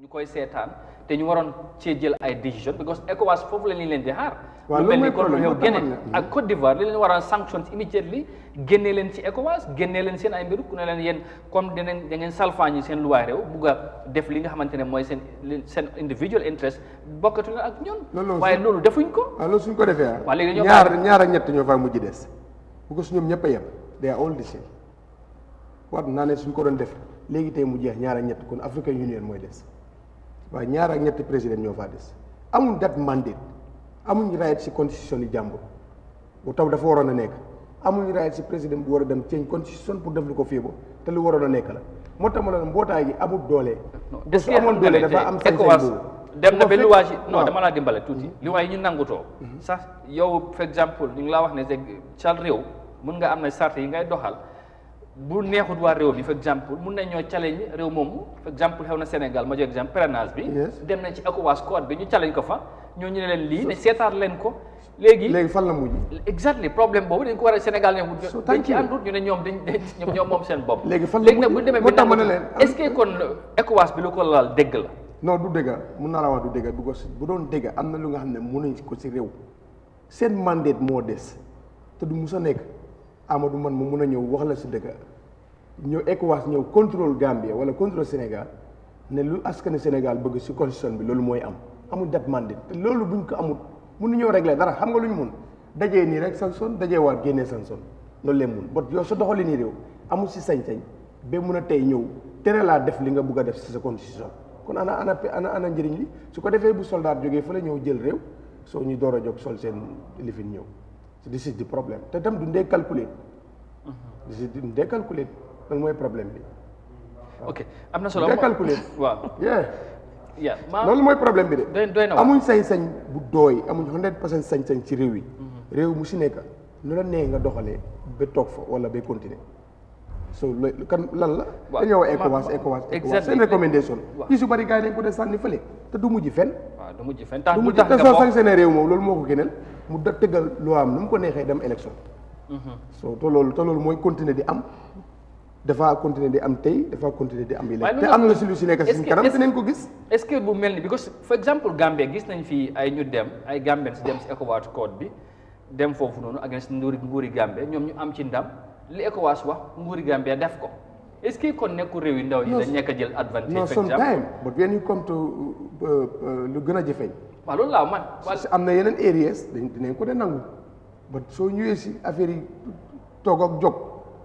ñu koy seetaan te ñu waroon cee jël ay décision because ECOWAS foofu la ñu leen de xaar. waaw mel ni kon yow génne ak Côte d'Ivoire li leen war a sanctions immediately génne leen ci ECOWAS génne leen seen ay mbir ku ne leen yéen comme danañ da ngeen salfaañi seen luwaay réew a def li nga xamante ne mooy seen seen individual interest bokkatu leen ak ñun. waaye loolu defuñ ko. waaw loolu suñ ko defee ah. ñaar ñaar ak ñett ñoo faa mujj des. bu su ñoom ñëpp a yem they are all the same naa ne suñ ko doon def léegi tey mu jeex ñaar ak ñett kon African Union mooy des waa ñaar ak ñetti président ñoo faa des amuñ date mandate amuñ right si constitution yi jàmbur bu taw dafa waroon a nekk amuñ right si président bu war a dem ceeñ constitution pour def lu ko féebo te lu waroon a nekk la moo tax ma la mbootaay gi amul doole. su amoon doole dafa am sañ-sañ boobu dem na ba luwaa yi non dama laa dimbale tuuti mhm. luwaa yi ñu nangutoo mhm. sax yow par exemple ñu ngi laa wax ne sal réew mun nga am na sart yi ngay doxal bu neexut waa réew bi for exemple mun nañ ñoo challenge réew moom for exemple xew na Sénégal ma jox exemple parrainage bi dem nañ ci ECOWAS code bi ñu challenge ko fa ñoo ñu ne leen lii ne seetaat leen ko léegi léegi fan la mujj exactly problème boobu dañ ko war a Sénégal ne dañ ci àndut ñu ne ñoom dañ dañ ñoom moom seen bopp léegi fan la mujj léegi nag bu ñu demee moo tax ma ne leen est-ce que kon ECOWAS bi lu ko laal dégg la non du dégg mun naa la wax du dégg because bu doon dégg am na lu nga xam ne mu mënuñ ko si réew seen mandate moo des te du mus a Amadou man mu mun a ñëw wax la si dëkk ñëw ECOWAS ñëw contrôle Gambie wala contrôle Sénégal ne lu askanu Sénégal bëgg si constitution bi loolu mooy am amul date mandé te loolu buñ ko amul nu ñëw régler dara xam nga lu ñu mun dajee nii rek sanction daje waat génnee sanction loolu leen mun bot yow sa doxali nii réew amul si sañ-sañ ba mun a tey ñëw tere laa def li nga bugg a def si sa constitution kon ana ana ana ana njëriñ li su ko defee bu soldat jógee fa la ñëw jël soo ñu door a jóg sol seen lifin ñëw this is the problem te tam duñ dee calculer. this is duñ mooy problème bi. ok am na solo duñ dee calculer. waaw loolu mooy problème bi de. doy na amuñ sañ-sañ bu dooy amuñ 100% sañ-sañ ci réew yi. Mhm. réew mu si nekk nu la nee nga doxalee ba toog fa wala ba continuer. so loolu kan lan la. waaw dañoo wax ECOWAS ECOWAS. exactement seen recommandation. waaw kii su bëri gars yi dañ ko def sànni fële te du mujj fenn. waaw du mujj fenn tax réew moom loolu moo ko gënal. mu da tëggal loi am nu mu ko neexee dem élection mhm. soo te te loolu mooy continuer di am dafa continuer di am tey dafa continuer di am yële te am na si lu si ko gis est-ce que bu mel ni because for exemple Gambie gis nañ fii ay ñu dem ay Gambien si dem si ECOWAS code bi dem foofu noonu against nguuri nguuri Gambie ñoom ñu am ci ndam li ECOWAS wax nguuri Gambie def ko est-ce que kon nekku réew yi ndaw yi dañ nekk jël advantage no sometime but when you come to uh, uh, lu gën a jëfeñ waaw loolu laa man. am na yeneen areas dinañ ko de nangu ba soo ñëwee si affaire yi toog ak jóg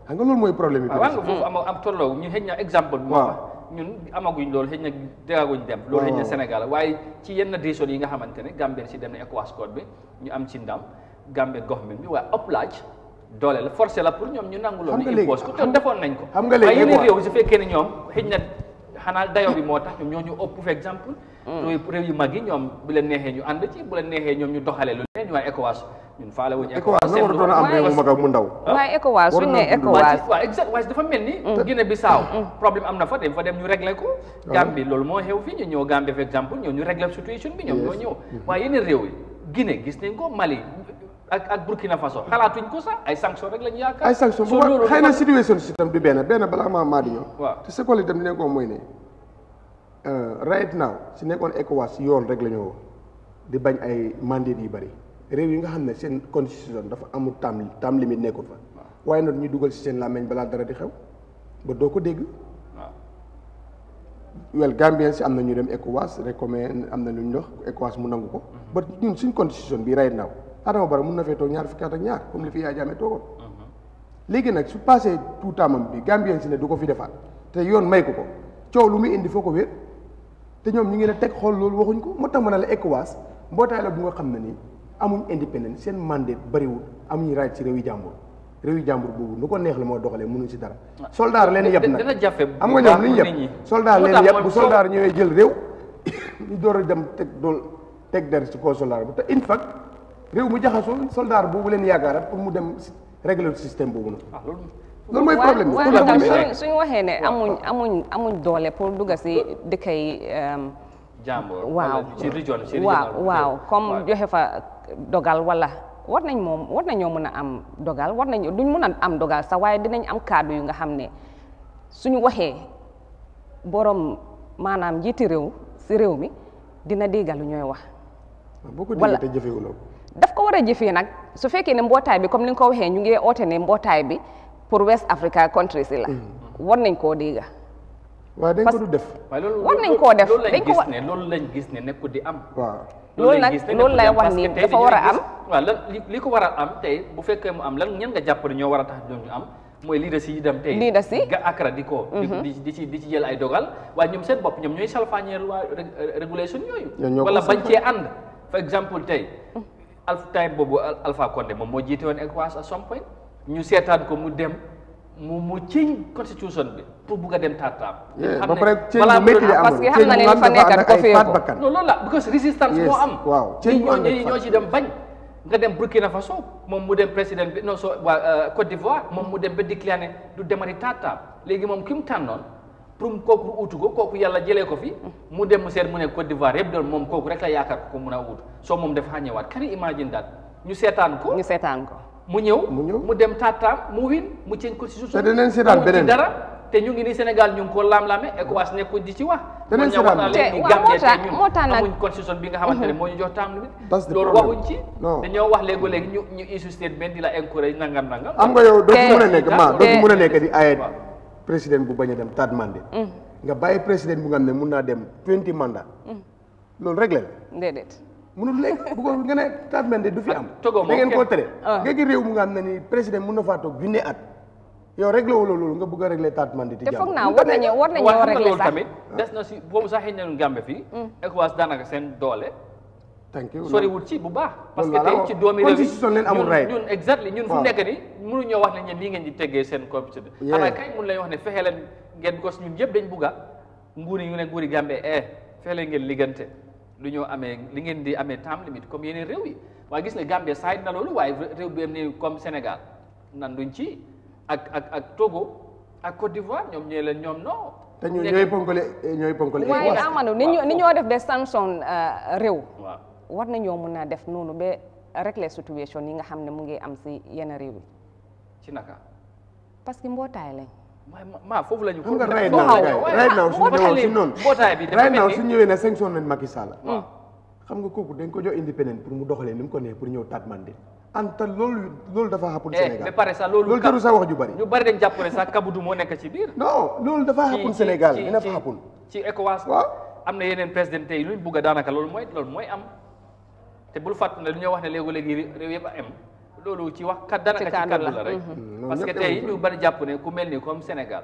xam nga loolu mooy problème yi. waaw foofu am am tolloo ñu xëy na exemple. waaw ñun amaguñ loolu xëy na déggaguñ dem. loolu xëy na Sénégal waaye ci yenn décision yi nga xamante ne Gambien si dem na ECOWAS code bi ñu am ci ndam Gambien government bi waaye uplaaj doole la forcé la pour ñoom ñu nangu loolu. xam nga ko defoon nañ ko. xam nga léegi waaye yeneen réew su fekkee ne ñoom na xanaa dayo bi moo tax ñoom ñu ëpp par exemple. Mm. réew yu mag yi ñoom bu leen neexee ñu ànd ci bu leen neexee ñoom ñu doxalee lu leen ñu na war doon mu ndaw. waaye ECOWAS suñu nee ECOWAS waaye dafa mel ni. Mm. Mm. Guinée Bissau problème am na fa dem ñu réglé ko. Ah. Gambie loolu moo xew fii ñu ñëw Gambie par exemple ñëw ñu réglé situation bi ñoom ñoo ñëw. Mm-hmm. waaye yeneen réew yi Guinée gis nañ ko Mali ak ak Burkina Faso xalaatuñ ko sax ay sanctions rek lañu yaakaar. ay sanctions bu mooy ne. Euh, right now si nekkoon ECOWAS yoon rek la ñu di bañ ay mandate yi bari réew yi nga xam ne seen constitution dafa amul tam tam limite nekkul fa waaye nag ñu dugal si seen làmmiñ balaa dara di xew ba doo ko dégg wel Gambien si am na ñu dem ECOWAS recommande am na lu ñu dox ECOWAS mu nangu ko ba ñun suñ constitution bi right now Adama Barrow mun na fee ñaar fukki at ñaar comme li fi Yaya Jammeh toogoon léegi nag su passé tout tamam bi Gambien si ne du ko fi defaat te yoon may ko ko coow lu muy ko te ñoom ñu ngi ne teg xool loolu waxuñ ko moo tax ma ne la ECOWAS mbootaay la bu nga xam ne ni amuñ indépendance seen mandat bëriwul amuñu raay ci réew yi jàmbur réew yi jàmbur boobu nu ko neex la moo doxalee mënuñ si dara. Ah. soldaar leen yeb nag dina jafe am nga ñoom lu ñu yeb soldaar leen yeb bu soldaar ñëwee jël réew door a dem teg dool teg der si kaw soldaar bu te in fact réew mu jaxasoo soldaar boobu leen yaakaar pour mu dem régler système boobu nag loolu mooy problème bi suñu waxee ne amuñ amuñ amuñ doole pour dugga si dëkk yi. Ehm, jàmbur waaw ci waaw waaw joxe fa dogal wala. war nañ moom war nañoo mën a am dogal war nañ duñ mën a am dogal sax waaye dinañ am kàddu yu nga xam ne suñu waxee borom maanaam njiiti réew si réew mi dina déggal lu ñooy wax. Ah, boo ko déggee te jëfewuloo daf ko war a jëfee nag su fekkee ne mbootaay bi comme ni nga ko waxee ñu ngi oote ne mbootaay bi pour West Africa countries yi la. Mm. war nañ koo dégg. waaye dañ ko du def. war nañ koo def dañ ko war loolu lañ gis ne nekku di am. waaw loolu nag loolu lay wax nii dafa war a am. waaw lan li ko war a am tey bu fekkee mu am lan ñan nga jàpp ne ñoo war a tax ñoom ñu am. mooy leader si yi dem tey leader si ga akra di ko mm-hmm. di di ci di jël ay dogal waaye ñoom seen bopp ñoom ñooy salfaañeer waa régulation yooyu wala bañ cee ànd par exemple tey al time boobu Alpha Condé moom moo jiite woon ECOWAS at ñu seetaan ko mu dem mu mu ciñ constitution bi pour bugg dem taataam. Eh, ba pare la parce que xam na ne li fa nekkat ko fee ko non loolu la because résistance moo am. waaw ceeb ñoo ñoo ci dem bañ. nga dem Burkina moom mu dem président bi non so waa euh, Côte moom mu dem ba déclaré ne du demari taataam léegi moom ki mu tànnoon pour mu kooku uutu ko kooku yàlla jëlee ko fi. mu dem mu seet mu ne Côte d'Ivoire moom kooku rek la yaakaar ko mun a uut soo moom dafa xàññewaat can you imagine daal ñu seetaan ko. ñu seetaan ko. mu ñëw mu ñëw mu dem tataam mu win mu ceeñ ko si suuf te danañ si beneen dara te ñu ngi nii Sénégal ñu ngi ko laam-laame ECOWAS nekkuñ di ci wax danañ si daal te waaw moo tax nag ne mhm. moo ñu jox taam limit wax léegi léegi ñu ñu issue statement di nga yow doo fi mën a nekk ma doo fi mën a di aaye président bu bañ a dem taat mandat mhm. nga bàyyi président bu nga ne mun naa dem 20 mhm. loolu rek la mënul léegi bu ko nga ne Tade Mbende du fi am. Ah, Togo moom ngeen koo tere. Ah. nga gis réew mu nga xam ne nii président mën na faa toog junne at. yow réglé loolu nga bëgg a réglé Tade Mbende. te foog naa war nañoo war nañoo des na si boobu sax xëy na ñu Gambie mm. daanaka seen doole. thank you sori ci bu baax. parce que tey ci doomi réew yi ñun ñun exactly ñun fu nekk nii. mënuñoo wax ne ñen nii ngeen di teggee seen compétition. xanaa kay mun lañ wax ne fexe leen ngeen gos ñun yëpp dañ bugga nguuri ñu ne nguuri Gambie eh fexe leen ngeen liggante lu ñoo amee li ngeen di amee temps limite comme yeneen réew yi waaye gis ne Gambie saay na loolu waaye réew bi ni comme Sénégal nan duñ ci ak ak ak Togo ak Côte d'Ivoire ñoom ñee la ñoom non. te ñu ñooy ponkale ñooy ponkale. waaye Amadou ni ñu ni ñoo def ba sanction euh, réew. waaw war nañoo mun a def noonu ba régler situation yi nga xam ne mu ngi am si yenn réew yi. ci naka. parce que mbootaay lañ. ma foofu la ñu. pour nga right now right mbootaay bi right now su ñëwee ne sanction nañ Macky Sall. Mm. Ah. xam nga kooku dañ ko jox indépendant pour mu doxalee ni mu ko neex pour ñëw taat mandé. anta loolu loolu dafa xappul eh, Sénégal mais pare sax loolu. jarul sax wax ju bari. ñu bari dañ jàpp ne sax kabudu moo nekk ci biir. non loolu dafa xappul Sénégal dina dafa ci ECOWAS waaw am na yeneen président yi luñ bugg daanaka loolu mooy loolu mooy am te bul fàttali ne lu ñoo wax ne léegi léegi réew yëpp a am loolu ci wax kat daanaka ci kàddu la rek mhm. mm-hmm. parce que tey ñu bari jàpp ne ku mel ni comme Sénégal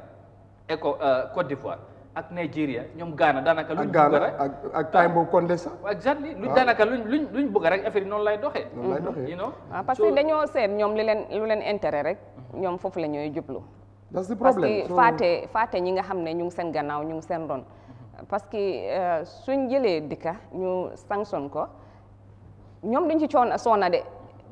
et euh, Côte d'Ivoire ak Nigeria ñoom Ghana daanaka. luñ bëgg rek ak ak time boobu Condé sax. exactly luñ ah. daanaka luñ luñ luñ bëgg rek affaire noonu lay doxee. noonu mhm. ah, parce que dañoo seet ñoom li leen lu leen intere rek. Mhm. ñoom foofu la ñooy jublu. that's the problème parce que faate ñi nga xam ne ñu ngi seen gannaaw ñu ngi seen ron. parce que euh, suñ jëlee dika ñu sanction ko ñoom duñ ci coon soona de.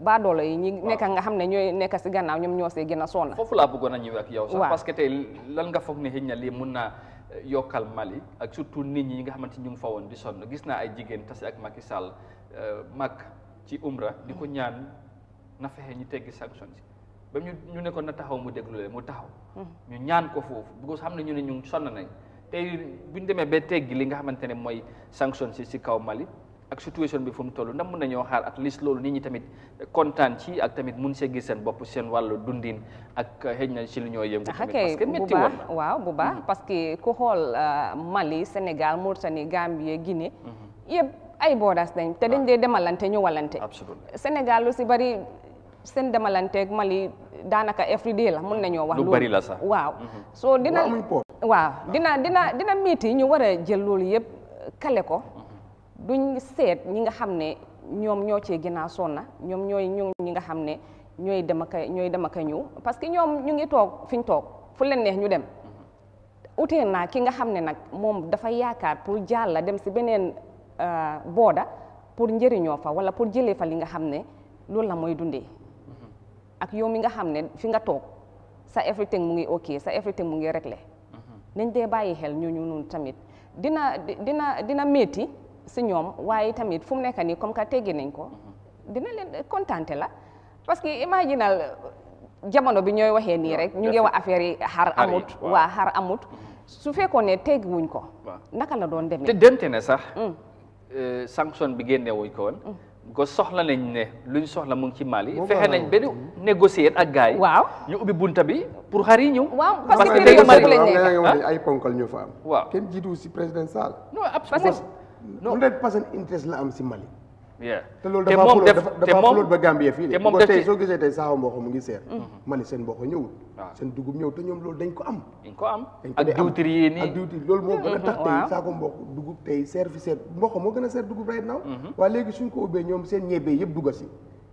baadoolo yi ñi nekk nga xam ne ñooy nekk si gannaaw ñoom ñoo see gën a sonn foofu laa bëggoon a ñëw ak yow sax parce tey lan nga foog ne xëy na lii mun naa eh, yokkal Mali ak surtout nit ñi nga xamante ñu ngi fa woon di sonn gis naa ay jigéen tase ak Macky Sall eh, mag ci umra di ko ñaan na fexe ñu teggi sanction si ba ñu ñu ne na taxaw mu déglu leen mu taxaw hmm. ñu ñaan ko foofu bu xam ne ñu ne ñu sonn nañ tey bu ñu demee ba teggi li nga xamante ne mooy sanction si si kaw Mali ak situation bi fu mu toll ndax mën nañoo xaar at least loolu nit ñi tamit kontaan ci ak tamit mun see gis seen bopp seen wàllu dundin ak xëy na ci lu ñoo yëngu tamit parce que métti waaw bu baax hmm. parce que ku xool euh, Mali Sénégal Mauritanie Gambie Guinée hmm. yëpp ay borders dañ te dañ dee demalante ñëwalante Sénégal lu si bari seen demalanteek Mali daanaka everyday la mun nañoo wax lu bari la sax waaw hmm. so dina waaw dina dina dina miiti ñu war jël loolu yëpp kale ko duñ seet ñi nga xam ne ñoom ñoo cee gën a ñoom ñooy ñu ñi nga xam ne ñooy dem ak ñooy dem ak ñëw parce que ñoom ñu ngi toog fi ñu toog fu leen neex ñu dem utee naa ki nga xam ne nag moom dafa yaakaar pour jàll dem si beneen euh, booda pour njëriñoo fa wala pour jëlee fa li nga xam ne loolu la mooy dundee mm-hmm. ak yow mi nga xam ne fi nga toog sa everything mu ngi ok sa everything mu ngi le mm-hmm. nañ dee bàyyi xel ñooñu noonu tamit dina dina dina métti si ñoom waaye tamit fu mu nekk nii comme que teggi nañ ko mm-hmm. dina leen kontante la parce que imaginal jamono bi ñooy waxee nii rek ñu ngi wax affaire yi xar amut waa xar amut mm-hmm. su fekkoon ne teggi wuñ ko naka la doon demee te demte ne sax mm. euh, sanction bi génne wuñ ko woon mm. soxla nañ ne luñ soxla mu ngi ci Mali fexe nañ benn mm-hmm. négocier ak gars yi waaw ñu ubbi bunta bi pour xar yi ñëw waaw parce que ay ponkal ñoo fa am waaw kenn jiitu si hundred percent interest la am si Mali te loolu dafa dafa flot ba Gambie fii de ko tey soo gisee tey saxaw mboq mu ngi seer mm-hmm. Mali seen mboq ñëwul ah. seen dugub ñëw te ñoom loolu dañ ko am dañ ko am ak diwtir yi nii ak diwtir loolu moo gën a tax tey mm-hmm. saako mboq dugub tey seer fi seer mboq moo gën a seer dugub right now mm-hmm. waaye léegi suñ ko ubbee ñoom seen ñebee yëpp dugga si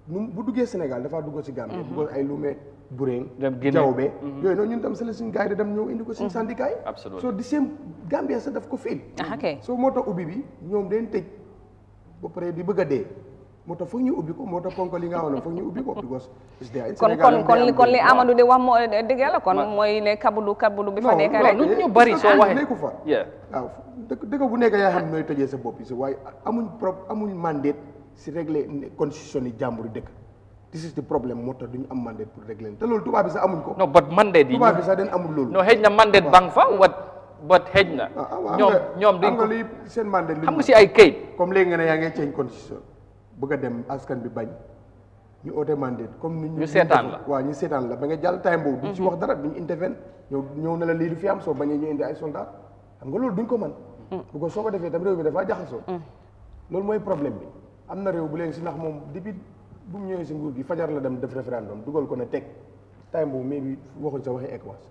nu bu duggee Sénégal dafaa dugg si Gambie. Mhm. dugg ay Lume Bureen. dem Guinée mhm. yooyu noonu ñun tam seen suñu gars yi dem ñëw indi ko suñu mhm. syndicat yi. absolument soo di seen Gambie sax daf ko féel. soo moo tax ubbi bi ñoom dañ tëj ba pare di bëgg a dee. moo tax foog ñu ubbi ko moo li nga xam ne foog ñu ubbi ko because kon kon kon kon li Amadou di wax moo dëgg la kon mooy ne kabulu kabulu bi fa nekk rek lu ñu bari soo waxee nekku fa waaw dëkk bu nekk sa bopp yi si waaye amuñ prop amuñ mandate si régler constitution yi jàmbur yi dëkk this is the problème moo tax duñu am mandate pour régler te lool tubaab bi sax amuñ ko. non but mandate yi tubaab bi sax dañ amul loolu. non xëj na mandate bang fa wat but xëj na. Ah, ah, ñoom ñoom duñ ko xam nga seen mandate. xam nga si ay kayit. comme léegi nga ne yaa ngi ceeñ constitution bëgg a dem askan bi bañ. ñu oote mandate comme ni ñu seetaan la waaw ñu seetaan la ba nga jàll time boobu duñ si wax mhm. dara duñ intervenir ñëw ñëw na la lii du fi am soo bañee ñu indi ay soldat xam nga loolu duñ ko man mm. bu ko soo ko defee tam réew mi dafaa jaxasoo mm. loolu mooy problème bi am na réew bu leen si ndax moom depuis bu mu ñëwee si nguur gi fajar la dem def référendum dugal ko ne teg time boobu mais bi waxuñ sa waxee ECOWAS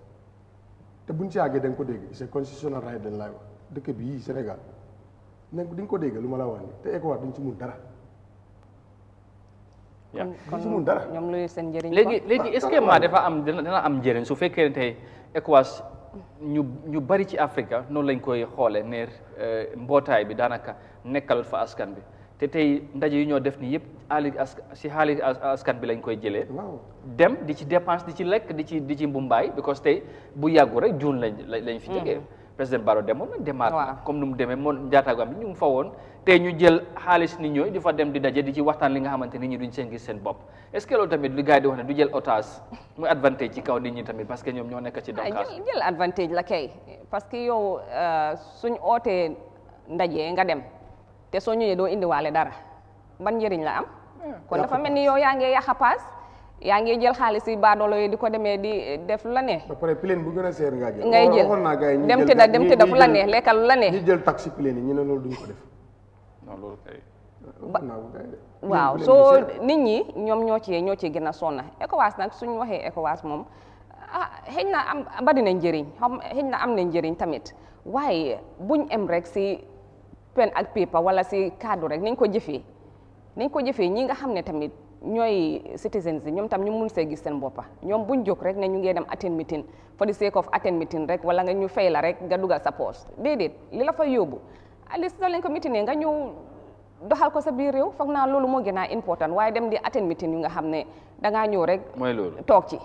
te buñ si àggee da ko dégg c'est constitutional right dañ laay wax dëkk bi yii Sénégal ne ko dégg lu ma la wax te ECOWAS duñ si mun dara. kon si mun dara ñoom luy seen njëriñ léegi léegi est-ce que maa dafa am dana am njëriñ su fekkee tey ECOWAS ñu ñu bari ci Afrique noonu lañ koy xoolee ne euh, mbootaay bi daanaka nekkal fa askan bi. te tey ndaje yi ñoo def nii yëpp xaalis as si xaalis askan bi lañ koy jële dem di ci dépense di ci lekk di ci di ci mbumbaay because tey bu yàggu rek juun lañ lañ fi jógee. Mm. président Barrow demoon na demaat na comme nu mu demee moom njaataagoam bi ñu ngi fa woon tey ñu jël xaalis ni ñooy di fa dem di daje di ci waxtaan li nga xamante nit ñi duñ seen gis seen bopp est-ce que loolu tamit lu gars yi di wax ne du jël otage muy advantage ci kaw nit ñi tamit parce que ñoom ñoo nekk ci ah, donkaas jël advantage la kay parce que yow euh, suñ ootee ndaje nga dem te soo ñëwee doo indiwaale dara ban njëriñ la am. Hmm. kon dafa mel ni yow yaa ngi yàq paas yaa ngi jël xaalis yi baadoolo yi di ko demee di def lu la neex. bu gën a seer nga ngay jël dem tëdda dem tëdda fu la neex lekkal lu la neex. jël taxi ñu ne loolu duñ ko waaw soo nit ñi ñoom ñoo ci ñoo ci gën a sonna ECOWAS nag suñ waxee ECOWAS moom ah na am bari na njëriñ xam xëy na am na njëriñ tamit waaye buñ em rek si. pen ak paper wala si kàddu rek nañ ko jëfee nañ ko jëfee ñi nga xam ne tamit ñooy citizens yi ñoom tam ñu mun see gis seen boppa ñoom buñ jóg rek ne ñu ngee dem attend meeting for the sake of attend meeting rek wala nga ñu fay la rek nga dugal sa poos déedéet li la fa yóbbu alis soo leen ko meetingee nga ñëw doxal ko sa biir réew foog naa loolu moo gën a important waaye dem di attend meeting yu nga xam ne dangaa ñëw rek mooy loolu toog ci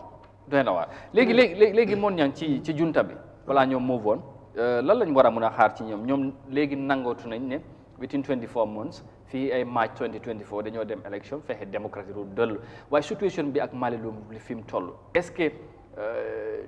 doy na waar léegi léegi léegi moon ñang ci ci junta bi wala ñoom moo woon Euh, lan ñu war a mën a xaar ci ñoom ñoom léegi nangootu nañ ne within 24 months fii ay March 2024 dañoo dem élection fexe démocratie du dellu waaye situation bi ak Mali lu fi mu toll est-ce que euh,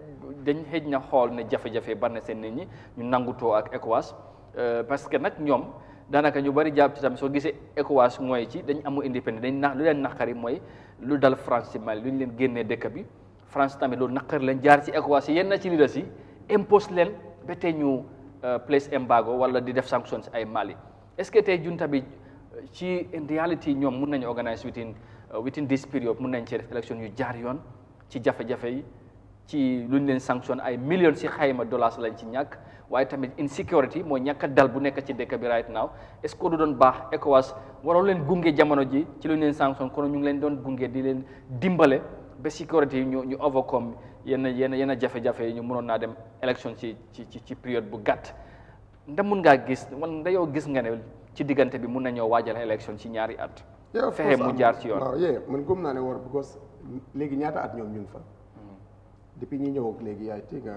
dañ xëj na xool ne jafe-jafe na seen nit ñi ñu nangutoo ak ECOWAS euh, parce que nag ñoom daanaka ñu bari jàpp tam soo gisee ECOWAS mooy ci dañ amul indépendance dañ na lu leen naqari mooy lu dal France ci Mali lu ñu leen génnee dëkk bi France tamit loolu naqari leen jaar ci ECOWAS yenn ci leaders yi impose leen ba tey ñu euh, place embargo wala di def sanctions ay Mali est-ce que tey junta bi euh, ci in reality ñoom mun nañu organise within euh, within this period mun nañ ci def élection yu jaar yoon ci jafe-jafe yi ci lu ñu leen sanction ay millions si xayma dollars lañ ci ñàkk waaye tamit insécurity mooy ñàkk dal bu nekk ci dëkk bi right now est-ce du doon baax ECOWAS waroon leen gunge jamono ji ci lu ñu leen sanction kon ñu ngi leen doon gunge di leen dimbale ba sécurité yi ñu ñu overcome yena yena yena jafé jafé ñu mënon na dem élection ci ci ci période bu gatt nda mën nga gis man nga yow gis nga ne ci diggante bi mën na ñoo wajjal élection ci ñaari at. fexé mu jaar ci yoon waaw yé man gum na né war because légui ñaata at ñom ñu ngi fa. Hmm. depuis ñi ñëw ak légui uh, yaay ci nga.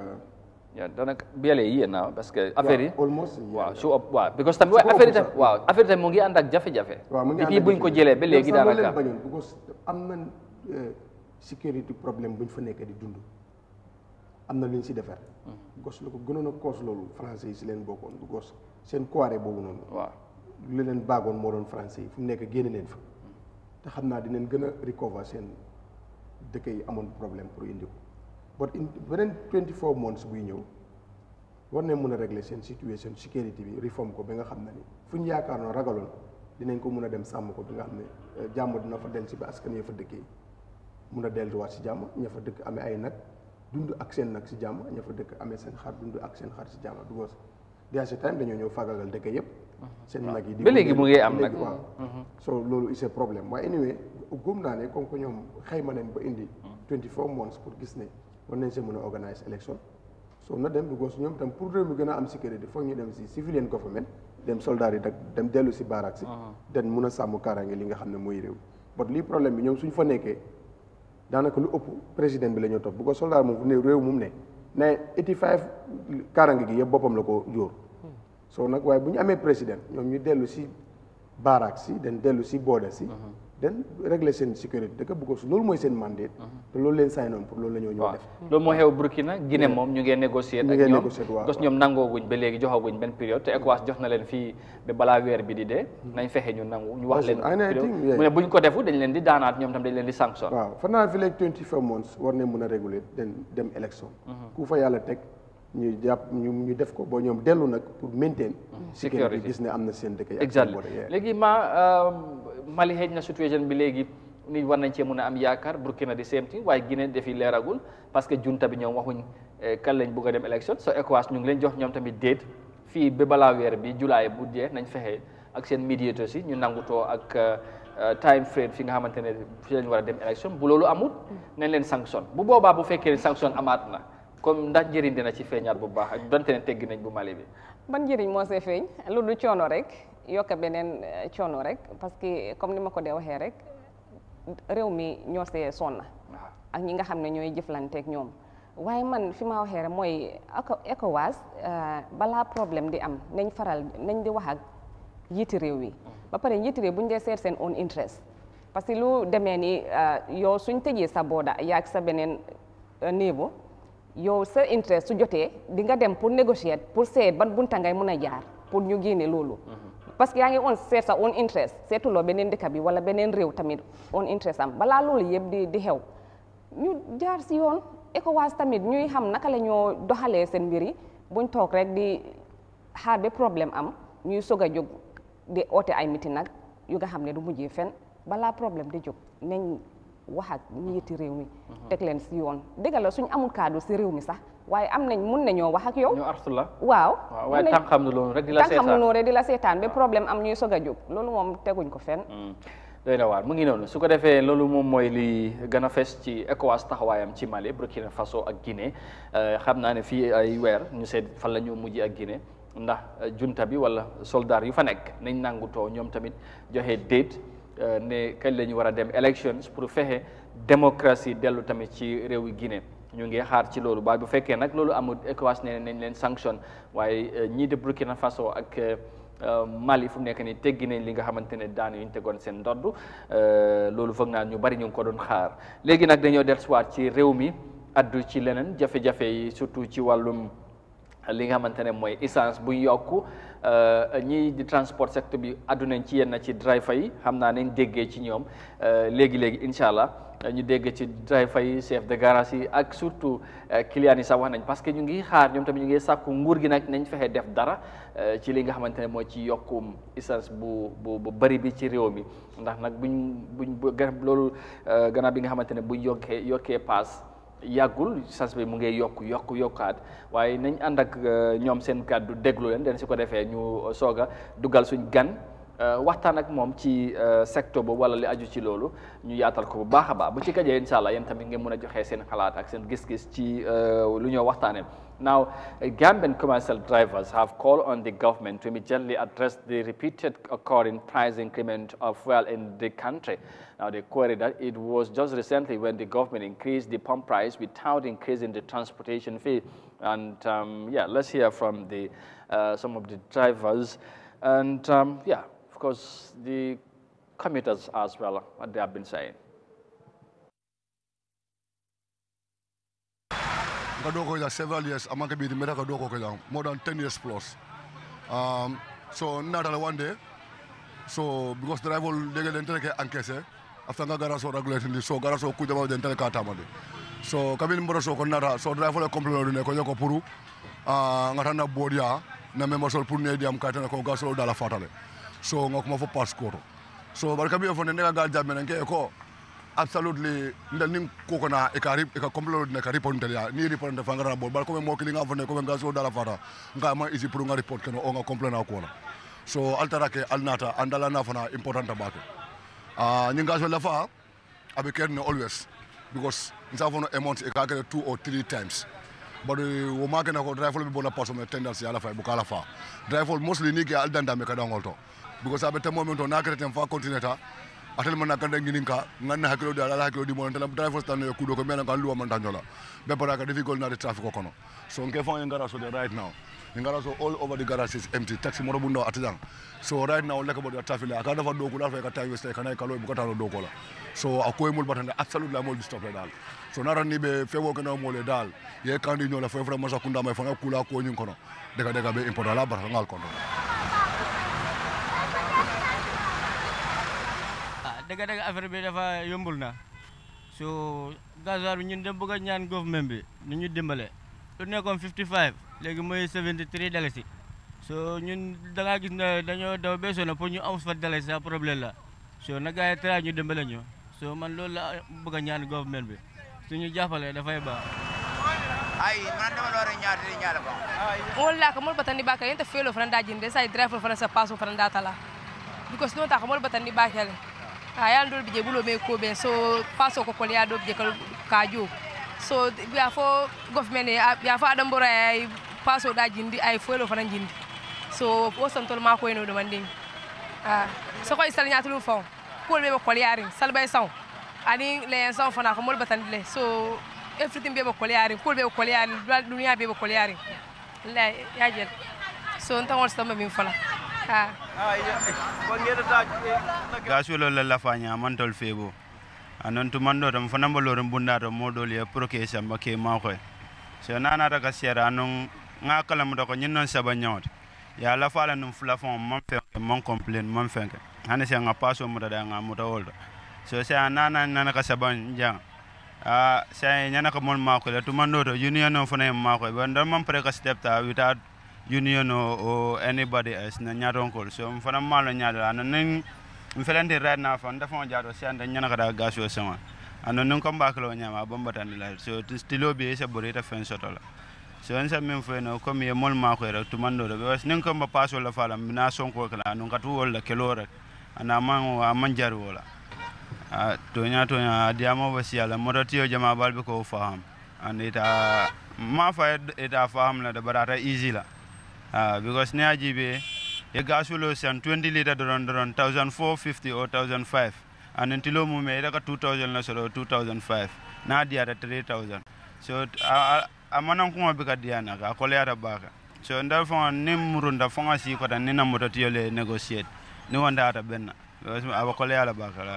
yaa daanaka biale yi yéen naa parce que affaire yi. almost waaw su ëpp waaw because tam affaire tam waaw affaire tam mo ngi and ak jafé jafé et puis buñ ko ak ba légui jëlee ba parce que am na eh, sécurité problème buñ fa nekk di dund am na lu ñu si defar. gos la ko gënoon a koos loolu français yi si leen bokkoon du gos seen kowaare boobu noonu. waaw lu leen baagoon moo doon français yi fu mu nekk génne leen fa. te xam naa dinañ gën a recover seen dëkk yi amoon problème pour indi ko but in beneen 24 months buy ñëw war nañ mën a régler seen situation sécurité bi réforme ko bi nga xam ne ni fu ñu yaakaar noonu ragaloon dinañ ko mun a dem sàmm ko bi nga xam ne eh, jàmm dina fa dellu si ba askan ya fa dëkkee mën a delluwaat si jàmm ña fa dëkk amee ay nag. dund ak seen nak si jamm ña fa dëkk amé seen xar dund ak seen xar si jamm du gos ci time dañu ñëw fagagal dëkk yëpp mhm. seen nag yi ba légui mu ngi am nak mhm. so lolu isé problème way anyway gum na né kon que ñom xeyma nañ ba indi 24 mhm. months pour gis né war nañ ci mëna organize election so na dem because ñom tam pour réew mi gëna am sécurité fo ñu dem ci civilian government dem soldat yi dem dellu ci barak ci den mëna sam karangé li nga xamné moy réew but li problème bi ñom suñ fa nekkee daanaka lu ëpp président bi la ñoo topp bu ko soldat moom fu ne réew mu ne ne eighty five kaaraange gi yëpp boppam la ko jóor soo nag waaye bu ñu amee président ñoom ñu dellu si baaraak si dañ dellu si booda si uh-huh. den régler seen sécurité dëkk bu loolu mooy seen mandat. te loolu leen saay noonu pour loolu la xew Burkina Guinée hmm. moom ñu ngi négocier. ak ñoom gos ñoom nangooguñ ba léegi joxaguñ benn période te ECOWAS jox na leen fii ba balaa weer bi di dee. Hmm. nañ fexe ñu nangu ñu wax leen. mu ne buñ ko defu dañ leen di daanaat ñoom tam dañ leen di sanction. waaw naa fi léegi 24 months war ne mën a réguler dem élection. Hmm. ku fa yàlla teg. ñu jàpp ñu ñu def ko boo ñoom dellu nag pour maintain hmm. sécurité gis ne am na seen dëkk exactement léegi ma euh, Mali xeej na situation bi léegi nit war nañ cee mën a am yaakaar Burkina di same thing waaye Guinée defi leeragul parce que junta bi ñoom waxuñ euh, kan lañ bugga dem élection so ECOWAS ñu ngi leen jox ñoom tamit déet fii ba balaa weer bi julaay bu dee nañ fexe ak seen médiateurs yi ñu nangutoo ak euh, time frame fi nga xamante ne fi lañ war a dem élection bu loolu amul hmm. nañ leen sanction bu boobaa bu fekkee ne sanction amaat na comme ndax njëriñ dina ci feeñaat bu baax ak donte ne tegg nañ bu male bi. ban njëriñ moo see feeñ lu du coono rek yokk beneen eh, coono rek parce que comme ni ma ko dee waxee rek réew mi ñoo see sonn. ak ñi nga xam ne ñooy jëflanteeg ñoom. waaye man fi ma waxee rek mooy ECOWAS eh, balaa problème di am nañ faral nañ di wax ak njiiti réew yi. Mm-hmm. ba pare njiiti bu ñu dee seet seen own interest. parce que lu demee ni eh, yow suñ tëjee sa booda yaag sa beneen néebu yow sa interest su jotee di nga dem pour négocier pour seet ban bunta ngay mën a jaar pour ñu génne loolu. Mhm. parce que yaa ngi on seet sa own interest seetuloo beneen dëkk bi wala beneen réew tamit own interest am balaa loolu yëpp di di xew ñu jaar si yoon ECOWAS tamit ñuy xam naka la ñoo doxalee seen mbir yi buñ toog rek di xaar ba problème am ñuy sog a jóg di ote ay miti nag yu nga xam ne du mujjee fen balaa problème di jóg wax ak ñiiti réew mi mhm. teg leen si yoon dëgg la suñ amul kaddu si réew mi sax waaye am nañ mun nañoo wax ak yow ñu artu la waaw waaye tànqam lu loolu rek di la seetaan tànqam lu loolu di la seetaan ba problème am ñuy sog a jóg loolu moom teguñ ko fenn mm. doy na waar mu ngi noonu su ko defee loolu moom mooy li gën a fes ci ECOWAS taxawaayam ci Mali Burkina Faso ak Guinée euh, xam naa ne fii ay weer ñu seet fan la ñu mujj ak Guinée ndax junta bi wala soldaar yu fa nekk nañ nangutoo ñoom tamit joxe déet Euh, ne kañ la ñu war a dem elections pour fexe démocratie dellu tamit ci réew Guinée ñu ngi xaar ci loolu waaye bu fekkee nag loolu amul ECOWAS nee nañ leen sanction waaye euh, ñii de Burkina Faso ak euh, Mali fu nekk nii teggi nañ li nga xamante ne daan yu ñu tegoon seen ndodd loolu foog naa ñu bari ñu ngi ko doon xaar léegi nag dañoo dellusiwaat ci réew mi addu ci leneen jafe-jafe surtout ci wàllum. li nga xamante ne mooy essence bu yokk euh, ñi di transport secteur bi àddunañ ci yenn ci driver yi xam naa nañ déggee ci ñoom euh, léegi léegi incha allah ñu dégg ci driver yi chef de garage yi ak surtout euh, client yi sax wax nañ parce que ñu ngi xaar ñoom tamit ñu ngi sàkku nguur gi nag nañ fexe def dara ci li nga xamante ne mooy ci yokkum essence bu bu bu bëri bi ci réew mi ndax nag buñ buñ loolu gannaaw bi nga xamante ne buñ yokkee yokkee paas yàggul sas bi mu ngi yokk yokk yokkaat waaye nañ ànd ak euh, ñoom seen kàddu déglu leen den su ko defee ñu euh, soog a dugal suñ gan euh, waxtaan ak moom ci secteur boobu wala li aju ci loolu ñu yaatal ko bu baax a baax bu ci kajee incha allah yéen tamit ngeen mën a joxee seen xalaat ak seen gis-gis ci lu ñoo waxtaanee. Now, uh, Gambian commercial drivers have called on the government to immediately address the repeated occurring price increment of fuel in the country. Now, they query that it was just recently when the government increased the pump price without increasing the transportation fee. And um, yeah, let's hear from the uh, some of the drivers. And um, yeah, of course, the commuters as well, what they have been saying. nga doo ko jàng several years amanke bii meta ka doo ko jàng more than ten years plus um, so natale one day so because driver lege den tere ke encaissé after nga gara so regulating di so gara so ku jama den tere ka tamade so kabin mboro so ko so driver e complet do ne ko joko pour uh, nga tanda bodia na member sol pour ne diam ka tana ko gasol dala fatale so nga kuma fo passeport so barka bi e fo ne nga ga jamme nan ke ko absolutely ndani kokona ikarip ikakomplo na karipo ndelia ni report nda fangara bo bal kome mokili nga vone kome ngaso dala fara nga ma isi pulunga report kana onga complain na kola so altara ke alnata andala na fana important bato ah uh, nyinga so lafa abe ken always because nsa fono amount ikakere two or three times but wo make na ko drive bi bona pass me tendency ala fa bukala fa drive mostly ni ke aldanda me kadangolto because abe tamo momento na kere fa continue ta atel man nakanda ngini ka nganna hakilo dala ala hakilo di mon tan tan fo tan ku ko mena kan luwa man tan be para ka defi gol na de traffic ko kono so nge fo ngara so de right now ngara so all over the garage is empty taxi mo bundo atjan so right now leka bodo traffic la ka dafa do ko fa ka tayo ste kana ka bu ka do ko so akoy mul batande absolute la mol stop la dal so nara ni be fewo ko no mol dal ye kandi nyola fo fra sa kunda mai fo kula ko nyin kono daga daga be important la bar ngal kono daga daga affaire bi dafa yombul na so gazar bi ñun dem bëgg ñaan government bi ni ñu dimbalé lu nekkon 55 légui moy 73 dalasi so ñun da nga gis na dañoo daw beesoo na pour ñu am fa dalasi sa problème la so na gaay tra ñu dimbalé ñu so man loolu la bëgg ñaan government bi suñu da fay ba ay man dama lore ñaar di ñaar wol la ko mo batani ba kay ente fa na da jinde say driver na sa fa na da tala because no ta ko mo batani ba kay ayal dol bije bulo me ko ben so paso ko kolya do bije kaju so biya fo government biya fo adam bora ay paso da jindi ay fo fana jindi so o santol ma ko eno do mandin ah so ko isal nyaatu fo ko be ko kolya rin salbay saw ani le saw fana ko mol batan le so everything be ko kolya rin ko be ko kolya rin dunia be ko kolya rin la yajel so on tawol sama min fala gasulo la la fanya mantol fego anon tu mando tam fana mbolo to modol ya prokesha make ma ko so nana ta ka sera anon nga kala mu ko nyin non saba nyawt ya la num fula man fe man complain man fe hane se nga paso mu da nga mu tawol so se nana nana ka saba a se nyana ko mon ma la tu to union no fana ma ko ban dal man pre ka step ta wita union or, anybody else na nyaronkol so mfana malo nyala ano nin mfelandi right now fa ndafon jaro si anda nyana kada gaso sama ano nin komba klo nyama bomba tan la so stilo bi esa borita fen sotola so en sa min feno comme ye mol ma ko era tumando do was nin komba paso la fala mina son ko kala nun katu wala kelora ana man wa man jaru wala a tonya tonya diamo wasiala moratiyo jama balbe ko faham and ma fa ita faham la da barata easy la uh, because ne ajibe e gasulo san 20 liter doron doron 1450 or 1005 and intilo mume ida ka 2000 na solo 2005 na dia ta 3000 so amana kuma bika diana ka kole ara baka so ndal fon nim runda fon si ko dan nina moto tiyole negotiate ni wanda ata benna because aba kole ala baka la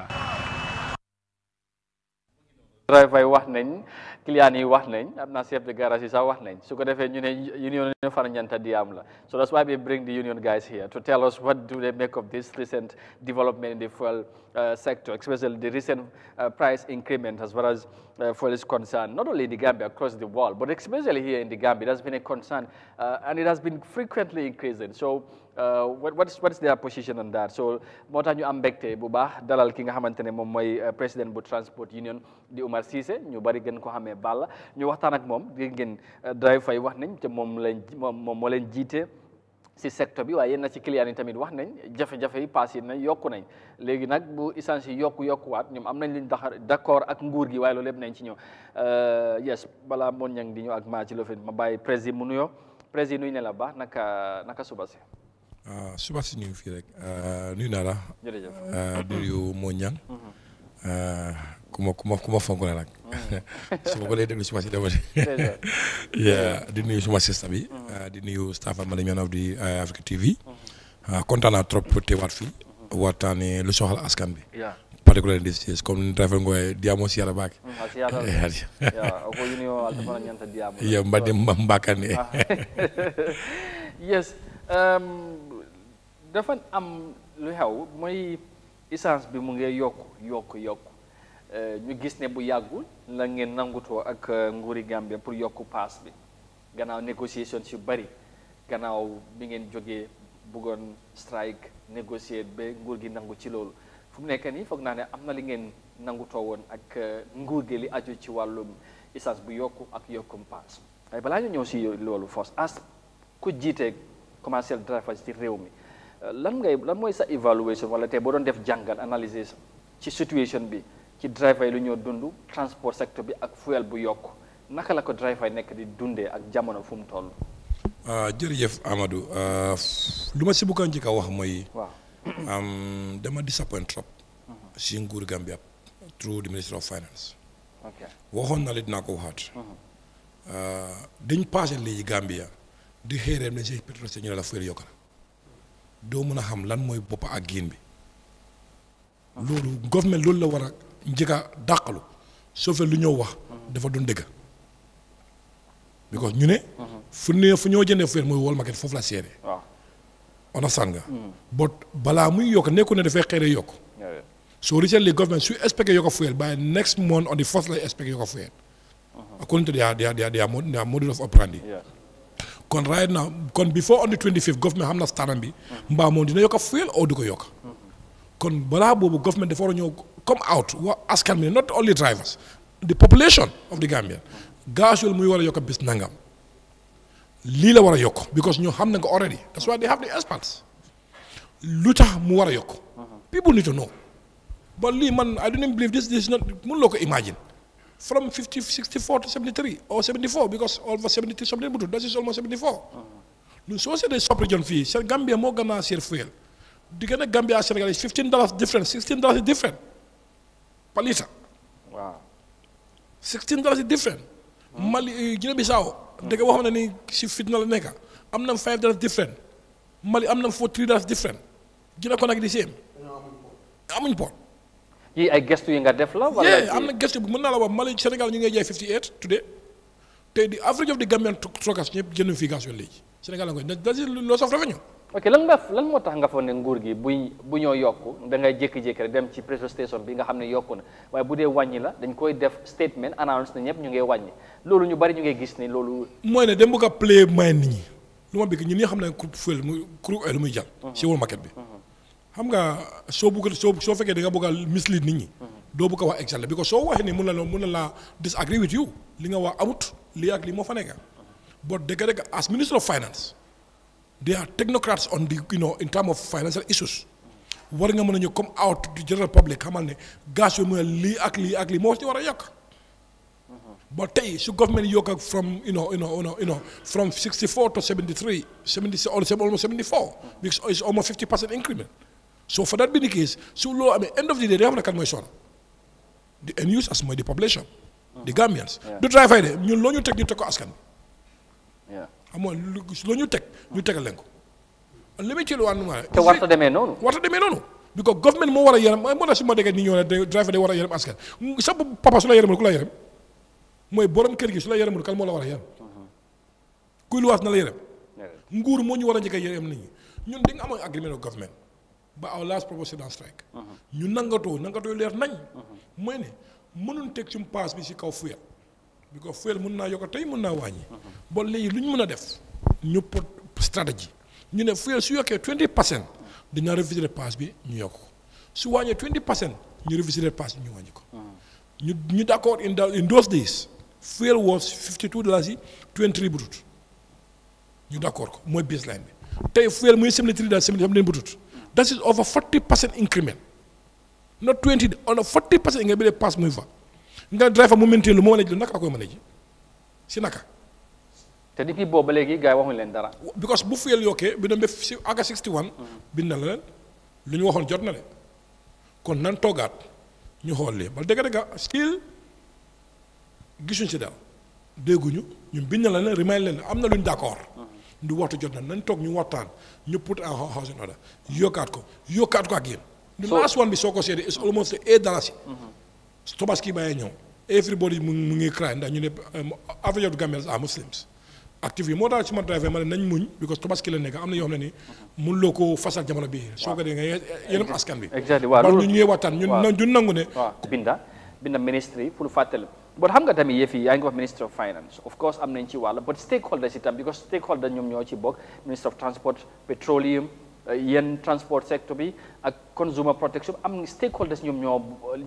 driver wax nañ client yi wax nañ am chef de garage yi sax wax nañ su ko ñu ne union ñu far ñanta di am la so that's why we bring the union guys here to tell us what do they make of this recent development in the fuel uh, sector, especially the recent uh, price increment as far as uh, fuel is concerned, not only in the Gambia, across the world, but especially here in the Gambia, it has been a concern, uh, and it has been frequently increasing. So uh, what, what's, what's their position on that? So moo tax ñu am dalal ki nga xamante président bu transport union di Umar Sise, ñu bari gën ko xamee Balla ñu waxtaan ak moom drive fay wax nañ te moom lañ si secteur bi waaye yenn ci client yi tamit wax nañ jafe-jafe yi paas nañ yokku nañ léegi nag bu essence yi yokku yokkuwaat ñoom am nañ liñ daxar d'accord ak nguur gi waaye loolu lépp nañ ci ñëw euh, yes balaa moon ñang di ñëw ak maa ci lofin ma bàyyi président mu nuyoo président nuyu ne la baax naka naka suba si ah, suba si ñu ngi fii rek euh, nuyu naa euh, nuyu moo ñang mm-hmm. ku ma ku fonk la nag. Mm. su ma ko lay déglu suma suma sista bi. Mm. Ah, di nuyu staff am man of di ah, Africa TV. Mm. Ah, kontaan naa trop teewaat fii. waxtaanee lu soxal askan bi. particularly this year comme ni trafe ngoye diamo siyara baake yo mbaɗde mbakane yes um, dafa am lu xew mooy essence bi mu ngi yokk yokk yokk ñu gis ne bu yàggul la ngeen nangutoo ak euh, nguuri Gambia pour yokk paas bi gannaaw négociation yu bari gannaaw bi ngeen jógee bëggoon strike négocier ba nguur gi nangu ci loolu fu mu nekk nii foog naa ne am na li ngeen nangutoo woon ak euh, nguur gi li aju ci wàllum essence bu yokku ak yokkum paas balaa ñu ñëw si loolu force as ku jiite commercial drivers ci réew mi euh, lan ngay lan mooy sa évaluation wala tey boo doon def jàngat analyse ci situation bi ci driver yi lu ñoo dund transport secteur bi ak fuel bu yokk naka la ko driver yi nekk di dundee ak jamono fu mu toll. Ah, jërëjëf amadu ah, lu ma si bëggoon njëkk a wax mooy. waaw dama disappoint trop. si nguur Gambia through the Ministry of Finance. waxoon na la dinaa ko waxaat. Mhm. Ah, dañ passé léegi Gambia di xëy rek ne si pétrole si ñu ne la fuel yokk na doo mën a xam lan mooy bopp ak génn bi. Mhm. loolu government loolu la war a. njëkk a dàqalu sauf lu ñëw wax dafa doon dëgg because ñu ne fu ne fu ñoo jëndee fu mooy wol market foofu la seere on a sànga bot balaa muy yokk nekku ne dafay xeere yokk so recently government su expecté yokk fuel by next month on the first lay expecté yokk fuel uh-huh. according to their their their their model of operandi kon right now kon before on the 25th government xam na standam bi mm. mbaa moom dina yokk fuel oo du ko yokk mm-hmm. a come out ask askan not only drivers the population of the Gambia gasoil will move a yokk bis nangam lii la because you have na already that's why they have the experts Luta tax mu people need to know but lii man I don't even believe this this is not mënuloo imagine from 50 64 to 73 or 74 because over 73 something that is almost 74 ñun say seetee sub region fee. seen Gambia more gën a seer fuel The Gambia Sénégal is 15 dollars different 16 dollars different per litre. waaw. 16 dollars is different. Mali eh, Guinée Bissau. dëgg boo xam ne nii si fitna la nekk am na 5 dollars different Mali am na 43 dollars different Guinée Conakry di same. amuñ port. Yeah, I guess yi nga def Yeah, wala am na gëstu mën naa la Mali Sénégal ñu ngi 58 today The average of the Gambian truckers ñëpp jënduñu fii gasoil léegi Sénégal la koy def loo saf rafet ñu. ok lan nga lan moo tax nga foog ne nguur gi bu ñoo yokk da ngay jékki-jékki rek dem ci petrol station bi nga xam ne yokk na waaye bu dee wàññi la dañ koy def statement annonce ne ñëpp ñu ngi wàññi loolu ñu bari ñu ngi gis ni loolu. mooy ne dem bëgg play main nit ñi lu ma bëgg ñun ñi xam ne crude fuel muy crude oil muy jàll. si mhm. wàllu market bi. Mhm. xam nga soo bugg soo soo fekkee da nga bëgg a mislead nit ñi. Mhm. doo bëgg wax exact bi ko soo waxee ne mun na la mun li nga wax amut lii ak lii moo fa nekk. boo dëgg-dëgg as minister they are technocrats on the you know in terms of financial issues war nga mën a ñëw out du general public xamal ne gas yooyu mu ne lii ak lii ak lii moo si war a yokk ba su government yokk ak from you know you know you know you know from 64 to 73 70 almost 74 because it's almost 50 percent increment so for that being the case su loolu amee end of the day day have ne kan mooy sonn the end users mooy the population the uh-huh. Gambians Do driver de ñun loo ñu teg ñu teg ko askan Yeah. xam nga lu lu ñu teg ñu tegal leen ko li may ci lu wàllu te warta demee noonu. warta demee noonu. bi ko government moo war a yërëm moo tax su ma déggee nii ñoo ne driver day war a yërëm askan sa papa su la yërëmul ku la yërëm mooy borom kër gi su la yërëmul kan moo la war a yërëm kuy luwaas na la yërëm nguur moo ñu war a njëkk a yërëm nit ñi ñun di nga amoon agreement ak government ba aw last proposition strike uh-huh. ñu nangatoo nangatoo leer nañ uh-huh. mooy ne mënuñ teg suñu paas bi si kaw fuyal because fuel mën naa yokk tey mën naa wàññi. bon léegi lu ñu def ñu pot stratégie ñu ne fuel su yokkee 20 percent dina réviser pass bi ñu yokk su wàññee 20 pour ñu réviser pass ñu wàññi ko. ñu ñu d' in in those days fuel was 52 dollars yi 23 butut ñu d' ko mooy baseline bi tey fuel muy 73 dollars 73 butut that is over 40 percent increment not 20 on a 40 percent nga bi dee pass muy fa. nga driver mu maintain lu moo mën a ji naka la koy mën a ji si naka. te depuis boobu ba léegi gaa yi waxuñu leen dara. because bu fuel yokkee bi dem ba si aga 61. Mm-hmm. bind na la leen lu ñu waxoon jot na kon nan toogaat ñu xool lii ba dëgg dëgg still gisuñ si daal dégguñu ñun bind na la leen remind am na lu ñu d'accord. ndu mm-hmm. jot na nañ toog ñu waxtaan ñu put en house in order yokkaat ko yokkaat ko ak yéen. so last one bi soo ko seetee it's almost eight dollars. Mm-hmm. Tobaski by now, everybody mungi crying that you know, um, average of Gambians are Muslims. active yi moo tax su ma drive ma nañ muñ because Tabaski la nekk am na yoo ni mun loo ko fasal jamono bi soo ko dee nga yéen askan bi exactement waaw ñu ñëwee waxtaan ñun ñun nangu ne binda binda ministre pour fàttali bon xam nga tamit yëf yi yaa ngi wax ministre of finance of course am nañ ci wàll but stakeholders itam because stakeholders ñoom ñoo ci bokk ministre of transport petroleum Euh, yenn transport secteur bi ak consumer protection am na stakeholders ñoom ñoo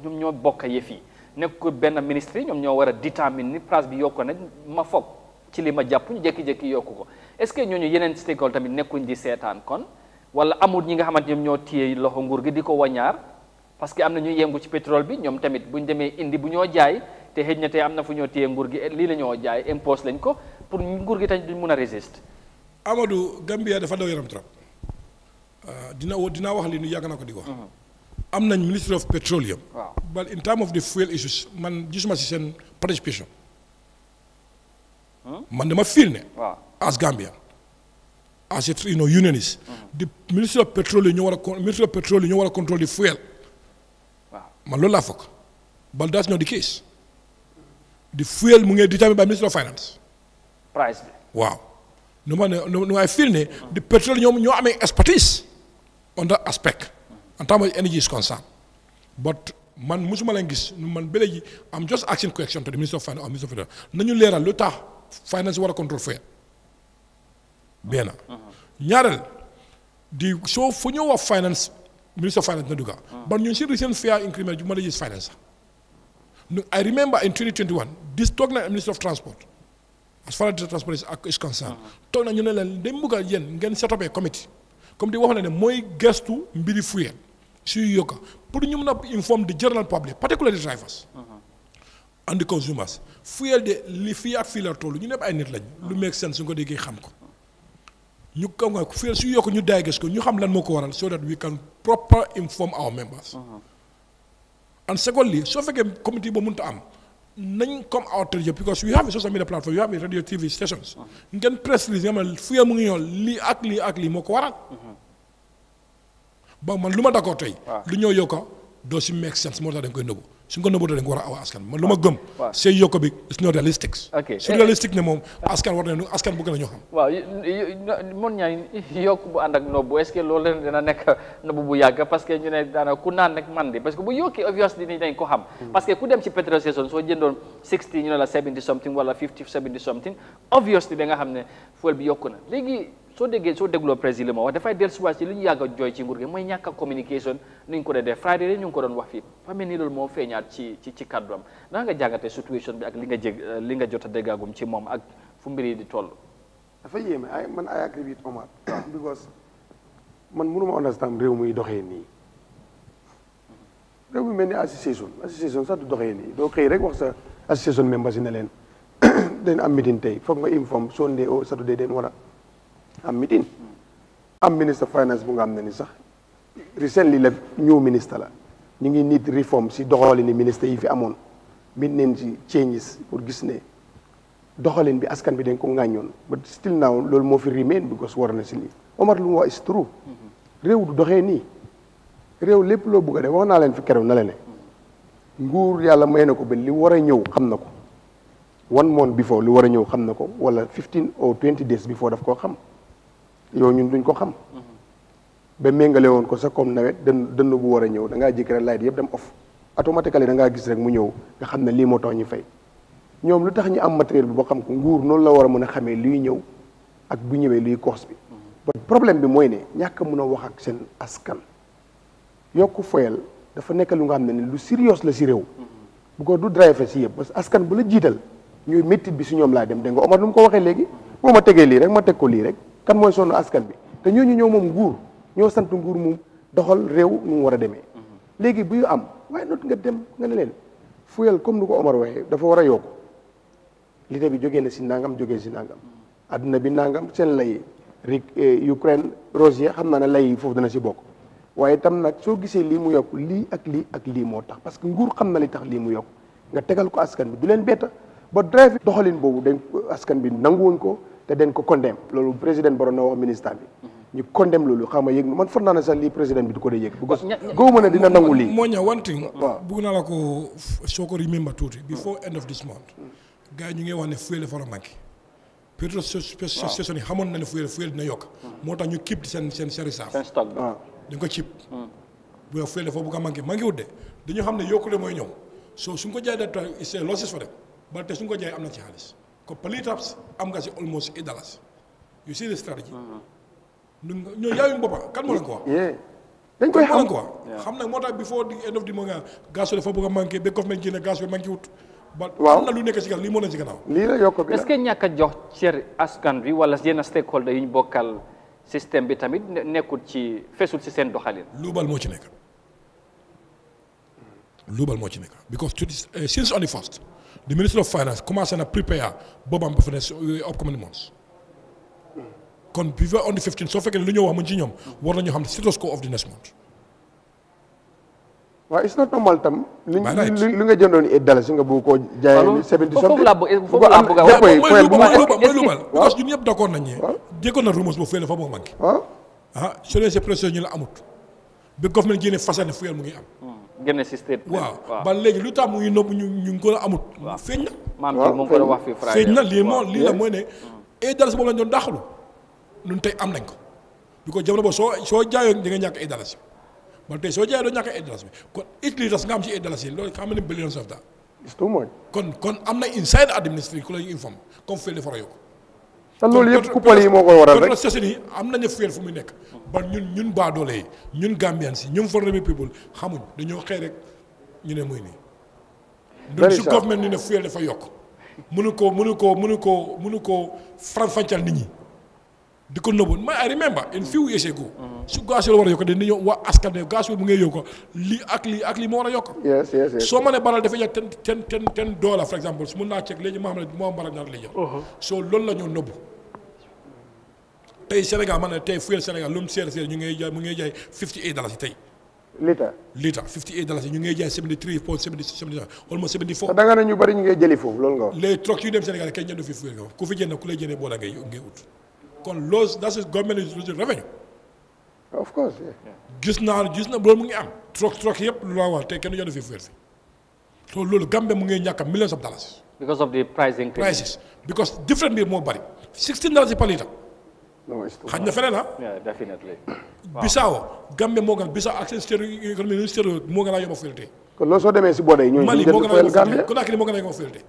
ñoom ñoo bokk yëf yi nekk benn ministre ñoom ñoo war a détermine ni price bi yokk nag ma foog ci li ma jàpp ñu jékki-jékki ko est ce que ñooñu yeneen stakeholders tamit nekkuñ di seetaan kon wala amul ñi nga xamante ñoom ñoo téye loxo nguur gi di ko wañaar parce que am na ñuy yëngu ci pétrole bi ñoom tamit buñ demee indi bu ñoo jaay te xëj na te am na fu ñoo téye nguur gi lii la ñoo jaay impose lañ ko pour nguur gi tamit duñ mun a résister. Amadou Gambia dafa daw yaram trop. Euh, dina wo dinaa wax li nu yàgg na ko di wax. Mhm. am nañ ministry of petroleum. waaw but in term of the fuel issues man gisuma si seen participation. Hmm? man dama fiil ne. waaw as Gambia. as it you know unionist. Hmm. the ministry of petroleum ñoo war a con ministry of petroleum ñoo war a control the fuel. waaw man loolu laa foog. but that's not the case. the fuel mu ngi determined by ministry of finance. waaw. nu ma ne nu ma feel ne. Hmm. the petrol ñoo amee expertise. on that aspect en terms of energy is concerned but man musuma leen gis man ba léegi am just asking question to the minister of finance uh, minister of finance nañu leeral lu tax finance war control fe. benn ñaareel di soo fu ñoo wax finance minister of finance na dugga but ñun si recent fare increment ju ma la gis finance I remember in 2021 this talk na minister of transport as far as transport is uh, concerned uh-huh. toog na ñu ne leen dañ bëgg a ngeen set up a committee comme di wax na ne mooy gestu mbiri fuyeen suy yokka pour ñu mën a une di de general public particularly drivers uh-huh. and consumers fuyeel de li fii ak fii la ñu nepp ay nit lañ lu make seen suñ ko déggee xam ko ñu kam nga fuyeel suy yokk ñu diagnose ko ñu xam lan moo ko waral so that we can proper inform our members uh-huh. and secondly soo fekkee comité boo mënta am nañ come out you because you have a social media platform you have a radio TV stations ngeen press release nga mu ngi yoon lii ak lii ak lii moo ko waral ba man lu ma d'accord tey lu ñëw yokka doo si make sense moo tax dañ koy nëbbu suñ ko nëbbatee dañ ko war a awa askan man lu ma gëm. waaw sëy yokk bi is not realistic. ok ne moom askan war nañu askan bëgg nañu xam. waaw mën ñaa yokk bu ànd ak nobbu est ce que loolu leen dina nekk nobbu bu yàgg parce que ñu ne daanaka ku naan nag man parce que bu yokkee obviously ni dañ ko xam. Hmm. parce que ku dem ci petrol station soo jëndoon sixty ñu ne la seventy something wala seventy something obviously da xam ne fuel bi yokk na léegi. soo déggee soo dégloo président li ma wax dafay dellusiwaat si lu ñu yàgg a jooy ci nguur gi mooy ñàkk a communication ni ñu ko dee def Friday rek ñu ngi ko doon wax fii fa mel ni loolu moo feeñaat ci ci ci kàddu am naa nga jàngatee situation bi ak li nga jég li nga jot a déggaagum ci moom ak fu mbir di toll. dafa yéeme ay man ay agree with Omar because man mënu ma understand réew muy doxee nii réew mi mel ni association association sax du doxee nii doo xëy rek wax sa association members yi ne leen dañ am meeting foog nga inform Sunday oo oh, Saturday den war a am meeting am ministre finance bu nga am na ni sax recently la new ministre la ñu ngi nit réforme si doxalin ni yi fi amoon mit neen si changes pour gis ne doxalin bi askan bi dañ ko ŋàññoon ba still now loolu moo fi remain because war na si lii Omar lu mu wax is true réew du doxee nii réew lépp loo bugg a wax naa leen fi keroog na la nguur yàlla may na ko ba li war a ñëw xam na ko one month before lu war a ñëw xam na ko wala fifteen or twenty days koo xam yow ñun duñ ko xam ba méngale woon ko sa comme nawet dënn dënn bu war a ñëw da ngaa jékki rek light yëpp dem off automatiquement da ngaa gis rek mu ñëw nga xam ne lii moo tax ñu fay ñoom lu tax ñu am matériel bi boo xam ko nguur noonu la war a mën a xamee luy ñëw ak bu ñëwee luy cost bi mm-hmm. problème bi mooy ne ñàkk mën a wax ak seen askan yokk foyal dafa nekk lu nga xam ne lu sérieux la si réew mm-hmm. bu ko du drive si yëpp parce que askan bu la jiital ñuy méttit bi si ñoom laa dem dégg nga Omar lu mu ko waxee léegi mm-hmm. boo ma tegee lii rek ma teg ko lii rek kan mooy sonn askan bi te ñu ñoo moom nguur ñoo sant nguur mu doxal réew nu mu war a demee. léegi bu yu am waaye not nga dem nga ne leen fuyal comme nu ko Omar waxee dafa war a yokk li bi jógee na si nangam jógee si nangam. adduna bi nangam seen lay rik eh, Ukraine Russie xam naa ne lay foofu dana si bokk waaye tam nag soo gisee lii mu yokk lii ak lii ak lii moo tax parce que nguur xam na li tax lii mu yokk nga tegal ko askan bi du leen betta ba drive doxalin boobu dañ askan bi nanguwuñ ko. te dañ ko condamné loolu président Barrow na wax ministre bi ñu condamné loolu xam nga yëg man foog naa ne sax lii président bi du ko dee yëg because gëwuma ne dina nangu lii moo ñëw one thing waaw bugg naa la ko tuuti before end of this gars yi ñu ngi wax ne fuel dafa la manqué pétrole station xamoon na ne fuel yokk moo tax ñu keep seen seen seen reserve seen stock bi dañ ko keep hmm. bu yow fuel dafa bugg a manqué manqué de dañu xam ne yokkule mooy ñëw soo suñ ko jaay da ta c'est losses fa dem ba te suñ ko jaay am na ci xaalis Perhaps Amgasi almost eight dollars. You see the strategy. Mm-hmm. ñooñu yaayuñu boppam kan moo leen ko wax. dañ koy xam xam nag moo tax before the end of the month ah, gaz bi dafa bëgg a manqué ba government ji ne gaz bi manqué wut. waaw lu nekk si gaz lii moo leen si gannaaw. lii la yokk bi est ce que ñàkk a jox cër askan bi wala yenn stakeholder yu ñu bokkal système bi tamit nekkul ci fesul si seen doxalin. luubal moo ci nekk luubal moo ci nekk because eh, since on the first. the Minister of Finance commencé and prepare boobam ba fi upcoming months kon hmm. before on the 15th, so fekkee ne lu ñu wax mu ci ñoom war nañu status quo of the next month. waaw it's not normal tam. maanaam it li nga jëndoon it seventy something eh, foofu laa bëgg foofu laa bëgg a wax. mooy you ma mooy lu ma parce que ñun ñëpp d'accord nañ Before waaw jékkoon na rumeurs boobu fëy na fa moo manqué. ah amut bi government génne fasane fuyal mu ngi am. Hmm. génne si state waaw ba léegi lu tax mu ngi nëbb ñu ñu ngi ko amut. feeñ na. maam feeñ na lii moo lii la mooy ne. Mm. ay dalasi boobu lañ doon dàqalu ñun tey am nañ ko. bi ko jamono boobu soo soo jaayoo di nga ñàkk ay dalasi man tey soo jaayoo doo ñàkk ay dalasi kon xam nga kon kon am na inside administration ku la ñu informe comme fële foro ko te loolu yëpp coupole yi moo ko waral rek société yi am nañu fuel fu muy nekk ba ñun ñun baadoole yi ñun Gambien si ñun for remi people xamuñ rek ñu ne muy nii ñun su government ne dafa yokk mënu ko mënu ko mënu ko mënu ko faram-fàccal nit ñi di ko I remember in few years ago mm-hmm. su gaz la war a yokk dañ ak lii ak lii war yokk soo ma ne baral dafay jar ten ten ten ten dollar exemple su mun naa ceeg léegi ma xam ne moo am baral ñaar lay mm-hmm. soo loolu la ñoo nëbbu tey Sénégal man ne tey Sénégal lu mu seer ñu ngay jaay mu ngay jaay fifty eight dollars yi tey. litre litre fifty eight dollars yi ñu ngay jaay seventy three point seventy seventy almost seventy four. da nga ne ñu bari ñu ngay jëli foofu loolu nga les troc yu dem Sénégal kenn jëndu fi fuel nga ku fi jënd ku lay jëndee boole ngay ngay ut kon loolu that's government is revenue. of course. gis naa gis na loolu mu ngi am. truck, truck. yëpp lu la wax tey kenn jëndu fi fuel fi so loolu Gambie mu ngay ñàkk millions of dollars. because of the price increase. prices because different bi moo bari sixteen dollars yi par litre xaj na feneen ah? na waaw Bissau Gambie moo gën Bissau ak seen stéréo économie nu stéréo moo a yomb a kon loolu soo demee si boode yi ñooñu. ñu moo gën a Conakry moo gën a yomb a félicité.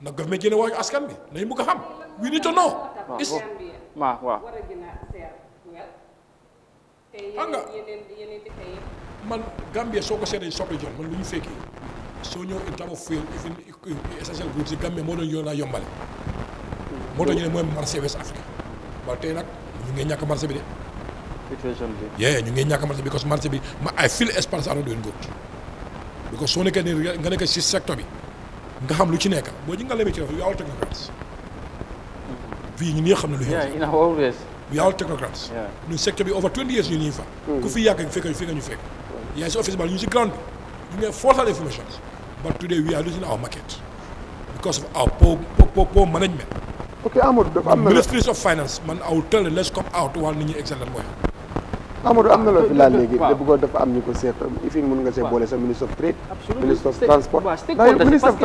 nag daf may jëlee askan bi nañu bëgg a xam. we need to know. is waaw waaw. nga man Gambie soo ko seetee soppi jon man lu ñu fekki soo ñëw in terme even essential goods si Gambie moo doon yoon a yombale. moo tax ñu ne mooy marché West Afrique waaw tey nag ñu ngi ñàkk marché bi de. situation bi. yee ñu ngee ñàkk marché bi parce que marché bi ma ay fil doon góor because soo nekkee nii nga nekk si secteur bi nga xam lu ci nekk boo ji nga lemee ci dafa yaawul technocrates mm-hmm. fii ñu nii xam ne lu xew yaawul technocrates ñun secteur bi over 20 years ñu nii fa mm-hmm. ku fi yàgg fekk fii nga ñu fekk mm-hmm. yaay si office ba ñu si ground bi ñu ngi fortal information but today we are losing our market because of our poor poor poor management ok Amadou dafa am na la ministry of finance man aw tële let's come out while nit ñi excel mooy. am na loo fi léegi te dafa am ñu ko seet ifin mën nga see boole sa ministre of transport. waaw ministre of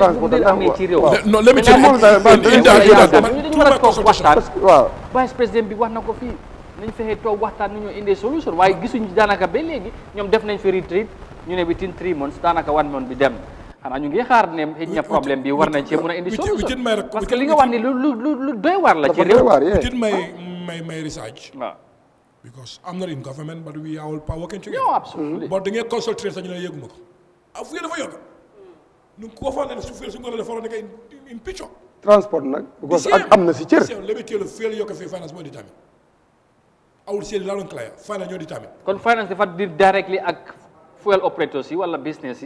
fii nañ fexe toog waxtaan nañoo indee solution waaye gisuñu daanaka ba léegi ñoom def nañ fi retreat ñu ne bi tin three months daanaka one month bi dem xanaa ñu ngi xaar ne xëy na a indi solution parce que li nga wax ni lu lu lu la ci réew did research because I'm not in government but we are all ñu ne yëguma ko ah fu ngeen dafa yóbbu ñu ko fa ne su fee su ngeen dafa war a in picture transport nag because ak am na si cër lebe kilo feel yokk fi finance moo di tamit finance kon finance dafa di directly ak fuel operators yi wala business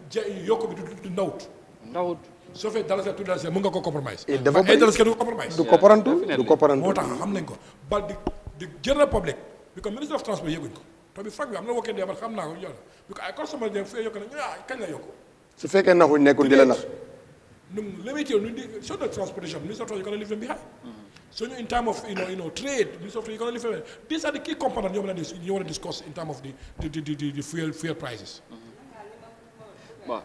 ja yokk bi du ndawut. ndawut soo fee dalasee tuuti dalasee mën nga ko compromise. Eh, du compromise. du comparantu moo tax xam nañ ko ba di general public bi ministre of transport yokk na ah, yokk. su la nax. nu limité nu the transportation ministre of transport you gonna leave them behind mm-hmm. so in time of trade minister of the key prices. Mm-hmm. waaw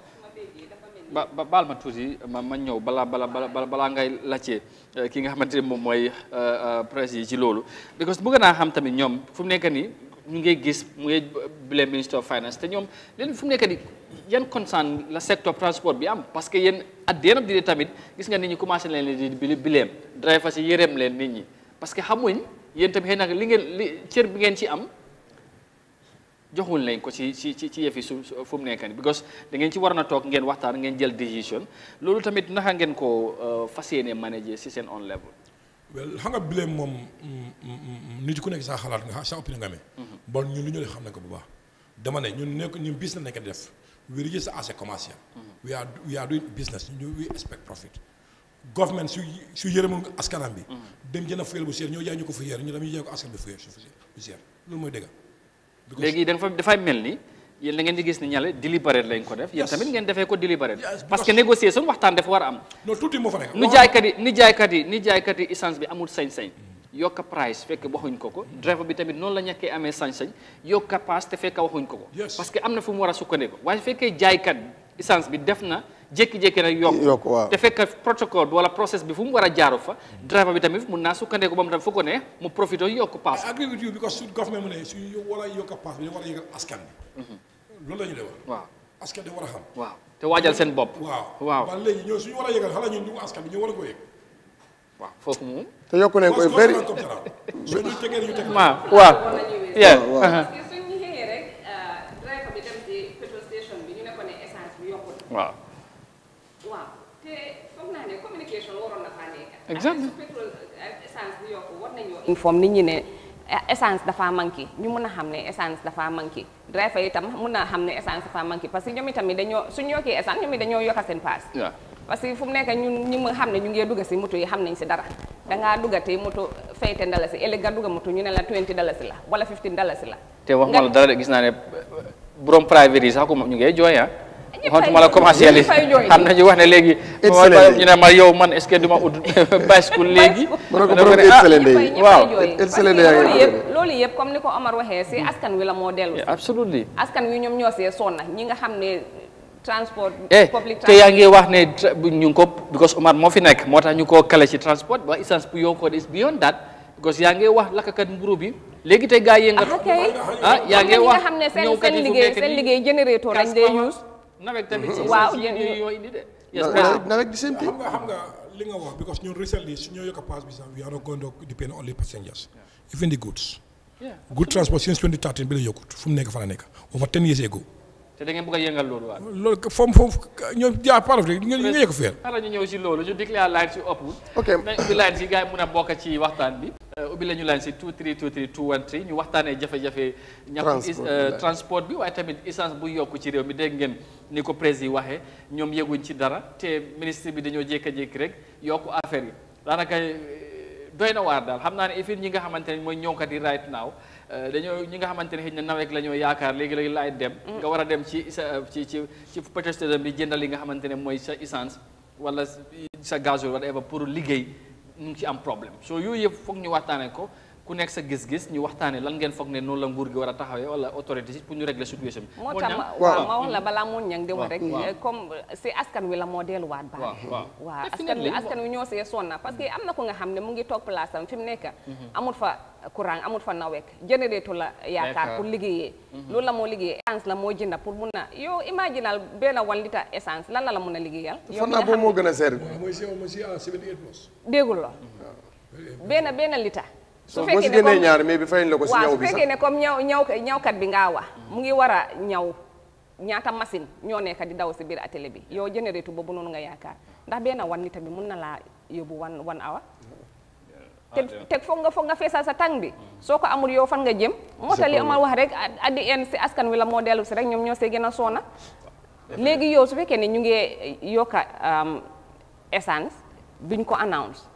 ba baal ma tuuti ma ma ñëw bala bala bala balaa ngay laajte eh, ki nga xamante ne moom mooy eh, eh, presse yi ci loolu. because bëgg naa xam tamit ñoom fu mu nekk nii ñu ngi gis mu ngi blame minister of finance te ñoom leen fu mu nekk nii yan concern la secteur transport bi am parce que yéen at the end of tamit gis nga nit ñi commencé leen di di bileem driver si yërëm leen nit ñi parce que xamuñ yéen tamit xëy na li ngeen li cër bi ngeen ci am. joxul lañ ko ci ci ci ci yefi fu mu nekk because da ngeen ci warna tok ngeen waxtaan ngeen jël decision loolu tamit naka ngeen ko euh, fasiyene manager ci sen on level. well xam nga blame moom mm, mm, nit ku nekk sa xalaat nga sa opinion nga me mm-hmm. bon ñun lu ñu xam nañ ko bu baax dama ne ñun nekk ñun business nekk def we register as a commercial. Mm-hmm. we are we are doing business ñu we expect profit. government su su yere mo askanam bi. Mm-hmm. dem jëna fuyel bu seer ñoo jaay ñu ko fu yeer ñu dem ñu ko askan bi fu yeer su fu seer loolu mooy dëgg. léegi da nga fa dafay mel ni yéen da ngeen di gis ni ñale délibéré lañ ko def yéen tamit ngeen defee ko délibéré parce que négociation waxtaan dafa war a am non tuuti moo fa nekk ni jaaykat yi ni jaaykat yi ni essence bi amul sañ-sañ yokka price fekk waxuñ ko ko driver bi tamit noonu la ñàkkee amee sañ-sañ yokka paas te fekk waxuñ ko ko parce que am na fu mu war a sukkandiku waaye fekkee jaaykat essence bi def na jékki-jékki rek yokk yokk waaw te fekk protocole bi wala process bi fu mu war a jaaro fa driver bi tamit mun naa sukkandeeku ba mu tam fu ko ne mu profité yokk paas agriculture bi ko su government ne a yokk paas bi ñu a yëgal mhm. la ñu def waaw askan bi war a xam waajal seen bopp waaw waaw ba léegi ñoo suñu war a yëgal xala ñun ñu askan bi ñu war a ko waaw foofu moom te yokk nañ koy bëri suñu tegee ñu waaw waaw uh-huh. exactement essence bu yokku war nañoo informe nit ñi ne eh, essence dafa manqué ñu mun a xam ne essence dafa manqué driver yi tam mun a xam ne essence dafa manqué parce que ñoom itamit dañoo suñu dañoo yokka seen paas parce que fu mu nekk ñun ñi ma xam ne ñu ngee dugga si moto yi xam nañ si dara dangaa duggati moto fay ten dalasi ëllëg nga dugga moto ñu ne la 20 dalasi la wala 15 dalasi la te wax ma la dara de gis naa ne eh, borom private yi sax ko ñu ngee jooy ah xontuma la commercialiste xam nañu wax ne léegi ñu ne ma yow man est-ce que duma ut bicycle léegi waaw loolu yëpp comme ni ko Omar waxee si askan wi la moo dellu ya, absolutely askan wi ñoom ñoo see ya, sonn ñi nga xam transport eh, public te yaa ngi wax ne ñu ko because Omar moo fi nekk moo tax ñu koo kale ci transport ba essence bu yow ko is beyond that because yaa ngi wax lakkakat mburu bi léegi te gaa yëngat ah yaa ngi wax ñëw kat yi fu nekk seen liggéey générateur lañ dee use nawet tamit mhm. si yéen yoo indi de. nawet di li a pass bi sax we are not going to depend only passengers even the goods. good transport since 2013 bi la yokkut fu mu nekk fa la nekk over ten years ago. te da ngeen a yëngal loolu waaw. loolu foofu foofu ñoom jaa par exemple ñu ngi ñu ñëw si loolu ñu déclare line si ëpp. ok mun a bokk ci waxtaan bi. Euh, ubbi la ñu laan si 233 213 ñu waxtaanee jafe-jafe. ñàkk euh, transport bi waaye tamit essence buy yokk ci réew mi dégg ngeen ni ko yi waxee ñoom yëguñ ci dara te ministre bi dañoo jékka-jékki rek yokk affaire yi daanaka euh, doy na waar daal xam naa ne effet ñi nga xamante ne mooy ñëwkat yi right now dañoo ñi nga xamante ne xëy na nawet la ñoo yaakaar léegi léegi laay dem. Mm. nga war a dem ci sa ci ci ci bi jëndal li nga xamante ne mooy sa essence wala sa gasoil whatever pour liggéey. ñu ngi ci am problème so yooyu yëpp foog ñu waxtaanee ko ku nekk sa gis-gis ñu waxtaanee lan ngeen foog ne noonu la nguur gi war a taxawee wala autorité si pour ñu régler situation bi. moo tax waaw ma wax la balaa moo ñang di wax rek. comme si askan wi la moo delluwaat. waaw waaw waaw askan wi askan wi ñoo see sonn na parce que am na ko nga xam ne mu ngi toog place am fi mu nekk. Mhm. amul fa kuran amul fa naweek nawet générateur la yaakaar pour liggéeyee. Mhm. loolu la moo liggéeyee essence la moo jënda pour mun a yow imaginal benn one litre essence lan la la mun a liggéeyal. yow moo gën a seer. mooy si mooy si ah, à 78 su fekkee ne comme ñaar mais bi fayin la ñaw bi sax waaw su fekkee ne comme ñaw ñawkat bi ngaa wax mu ngi war a ñaw ñaata machine ñoo nekk di daw si biir atelier bi yow généretu boobu noonu nga yaakaar ndax benn wan ni tamit mun na laa yóbbu wan wan awa te teg foog nga foog nga feesal sa tànk bi soo ko amul yow fan nga jëm moo tax li amal wax rek a addi en si askan wi la moo dellu si rek ñoom ñoo see gën a soona léegi yow su fekkee ne ñu ngi yokka um, essence duñ ko announce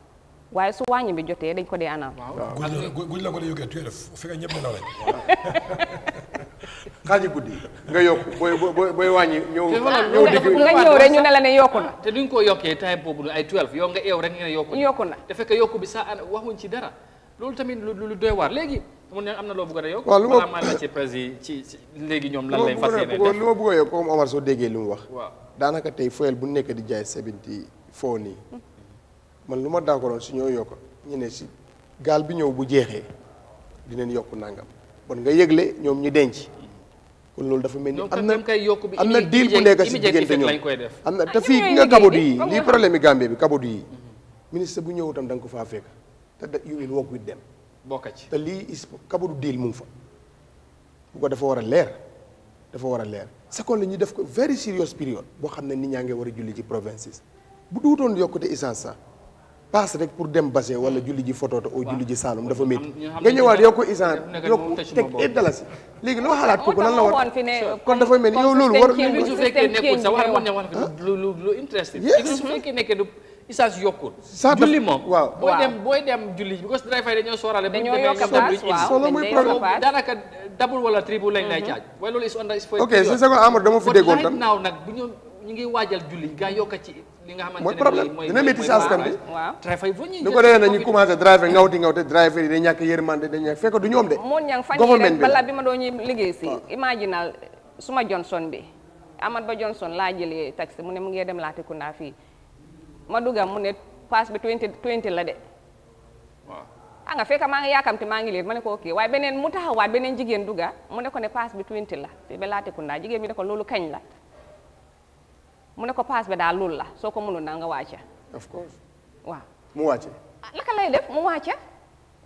waaye su wàññi bi jotee dañ ko dee anam. waaw guñ la ko dee yokkee tuuti def fekk ñëpp nelaw lañ. xaaji guddi nga yokk booy booy booy wàññi ñëw. ñëw digg nga ñëw rek ñu ne la ne yokku na. te duñ ko yokkee taay boobu ay 12 yow nga eew rek ñu ne yokku na. yokku te fekk yokku bi sa waxuñ ci dara loolu tamit lu lu doy waar léegi. mu ne am na loo bëgg a yokk. waaw lu ma maanaam maanaam ci léegi ñoom lan lay. a yokk comme Omar soo déggee lu mu wax. waaw daanaka tey foyel bu nekk di jaay sebinti foo nii mm. man lu ma d'accordoon si ñoo yokk ñu ne si gaal bi ñëw bu jeexee dinañ yokk nangam kon nga yëgle ñoom ñu denc kon loolu dafa mel ni am na am na diil bu nekk si diggante ñoom am na ah, te fii nga kabadu yi lii problème yi Gambie bi kabadu ministre bu ñëw itam da ko faa fekk te da you will ci te lii is mu ngi fa bu ko dafa war a leer dafa war a leer seconde la def ko very serious period boo xam ne nit ñaa ngi war a julli ci provinces bu duutoon yokkute essence sax paas rek pour dem Basse wala julli ji Foto o julli ji Saalum dafa métti nga ñëwaat yokku isaan yokku teg it dalasi julli moom waaw booy dem booy dem julli because driver dañoo sóoraale bu ñu demee solo mooy problème daanaka double wala triple lañ lay mhm. caaj waaye loolu ñu ngi waajal julli gaa yokka ci li nga xamante ne mooy problème dina métti si askan bi waaw ko defee nag ñu commencé driver ngaw di ngaw te driver yi day ñàkk yërmande day ñàkk fekk du ñoom de moon ñang fan yii ma doon ñuy bi Amat Bah Johnson laa jëlee taxi mu ne mu ngi dem Latrikunda fii ma dugga mu ne pass bi 20 20 la de a ah, nga fekk maa ngi yaakamte maa ngi leen ma ne ko ok waaye beneen mu taxawaat beneen jigéen dugga mu ne ko ne pass bi 20 la te ba jigéen bi ne ko loolu kañ la mu ne ko pass bi da loolu la soko ko mënul na of course wa mu wàcce. ah naka lay def mu wàcce.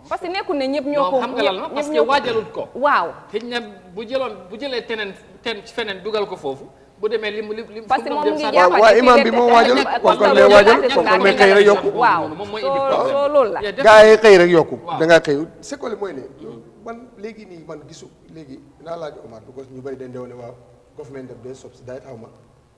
parce que nekul ne ñëpp ñoko xam nga lan parce que waajalul ko. waaw xëy na bu jëlon bu jëlé tenen ten ci fenen dugal ko fofu bu démé lim lim lim parce que moom ngi jaxal wa imam bi mo waajal ko ko lay waajal ko ko me xëy rek yokku waaw moy indi so loolu la gaay xey rek yokku da nga ngaa xëy sekole mooy ne man légui ni man gisu légui na laaj Omar because ñu bari dañ dew wa government def dee subsidise xaw ma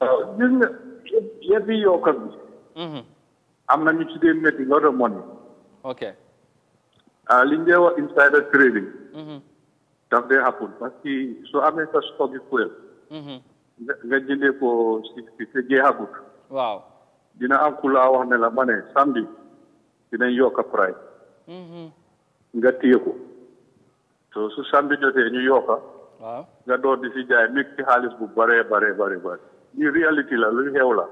waaw gis nga yëpp bi mhm. am na ñu tuddee netting lot of money ok ah, li ñu dee wax insider trading mhm. daf dee happen parce que amee sa stock yi fuel mhm. nga jëndee ko si te jeexagut waaw dina am ku laa wax ne la ma ne samedi dinañ yokk price nga téye ko so su samedi jotee ñu yokka nga door di si jaay mi ci xaalis bu bare bare bare bare li réalité la lu xew la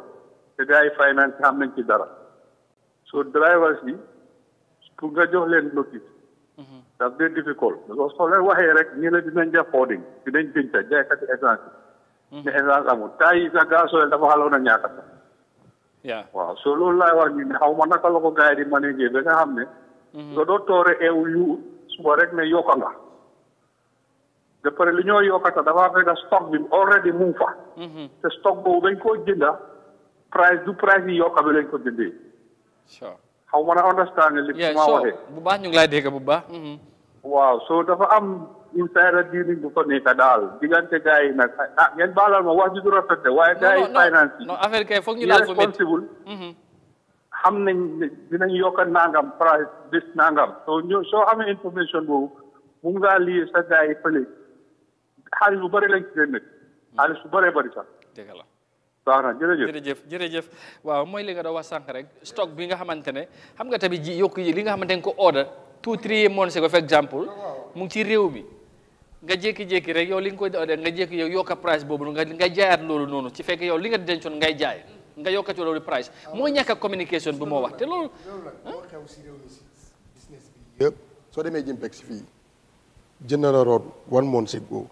te gars yi finance xam nañ ci dara so drivers yi pour nga jox leen notice daf dee difficult because soo leen waxee rek ñi la dinañ def holding dinañ binta jaaykati essence yi ne essence amul temps yi sax gasoil dafa xaloon a ñaata sax waaw so loolu laay wax ñu ne xaw ma na la ko gars yi di managé ba nga xam ne nga doo toore eew yu suba rek ne yokka nga de pare li ñoo yokkata dafa fekk stock bi already mu ngi fa. Mhm. te stock boobu dañ koo jënda price du price yi yokka bi lañ ko jëndee. xaw ma na understand li ma waxee. bu baax ñu ngi lay dégg bu baax. Mhm. Mhm. waaw so dafa am insider dealing bu ko nekk daal diggante gars yi nag ah ngeen baalal ma wax ji du rafet de waaye gars yi finance yi. non affaire kay foog ñu laal responsible xam nañ dinañ yokk nangam price bis nangam so ñu soo amee information boobu xaalis bu bëri lañ ci nekk xaalis bu bëree bëri sax dëgg la baax na jërëjëf jërëjëf jërëjëf waaw mooy li nga doon wax sànq rek stock bi nga xamante ne xam nga tamit ji yi li nga xamante ne ko order two three months ago example mu ngi ci réew mi nga jékki-jékki rek yow li nga koy order nga jékki yow yokka price boobu nga nga jaayaat loolu noonu ci fekk yow li nga dencoon ngay jaay nga ci loolu price mooy ñàkk communication bu moo wax te loolu yëpp soo demee jëmpeeg si fii jënd na one month ago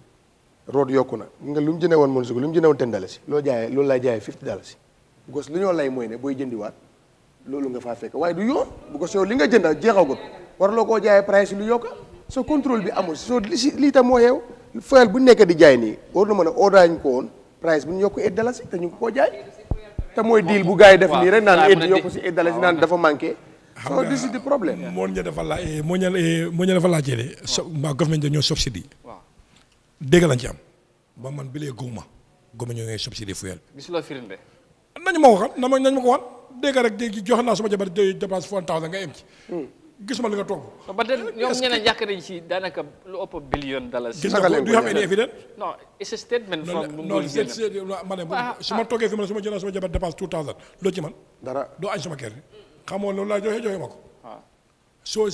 root yokuna nga lu mu jëndee woon mën sugu lu mu jëndee woon ten dalasi loo jaay loolu laa jaayee fifty dalasi because li ñoo lay moy ne boy jëndi jëndiwaat lolu nga fa fekk way du yo bu because yow li nga jënda jënd war lo ko jaay price lu yokka so control bi amul so li ta mo tam moo xew foyal bu nekk di jaay ni war lu mëna a ko won price bu ñu yokk 8 dollars te ñu ko jaay te moy deal bu gaay def ni rek naan 8 yokku ci 8 dollars naan dafa manké so this is the problem moon ña dafa laaj eh, moon ña eh, moon ña dafa laajee de so mbaa government dañoo subsidy dégg lañ ci am ba man bi lee góob ma góob ñoo ngi subsidié fuel. gisuloo firnde. nañ ma waxal na ma nañ ma ko waxal dégg rek dégg joxe naa sama jabar déy dépense foon taw nga yem ci. Hmm. gisuma li nga toog. ba tey ñoom ñeneen ñàkk nañ ci daanaka lu ëpp billion dollars. gis nga du xam ne évident. non c'est statement. non ma ne ah, su ma ah. toogee fi ma ne su ma jëlee sama jabar dépense two thousand loo ci man. dara doo añ sama kër gi. xamoo loolu laa joxe joxe ma ko. waaw ah. soo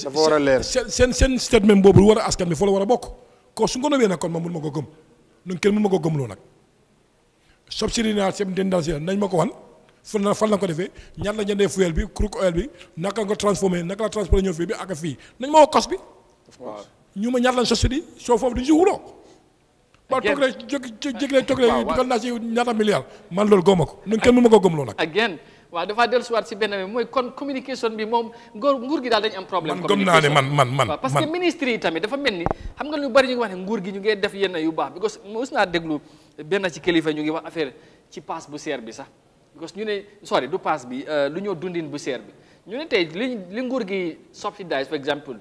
seen seen statement boobu war a askan bi foo la war a bokk. ko su ko nobee nag kon ma mun ma ko gëm nun kenn mun ma ko loo nag subsidié naa seen dendance nañ ma ko wan fan la fan na ko defee ñaar la jëndee fuel bi crude bi naka nga ko transformé naka la bi ak fii ma woo kos bi. ñu soo foofu du ñu si wuloo. waaw toog rek jég jég leen toog rek dugal ñaata milliard man loolu gëmma ko nun kenn mun ma ko gëmloo nag. waaw dafaa dellusiwaat si benn bi mooy kon communication bi moom nguur gi daal dañu am problème. communication man gëm naa ne man man man. parce que ministre yi tamit dafa mel ni xam nga lu bari ñu ngi wax ne nguur gi ñu ngi def yenn yu baax because mos naa déglu benn ci kilifa ñu ngi wax affaire ci paas bu seer bi sax because ñu ne sorry du paas bi euh, lu ñoo dundin bu seer bi ñu ne tey li li nguur gi subsidise par exemple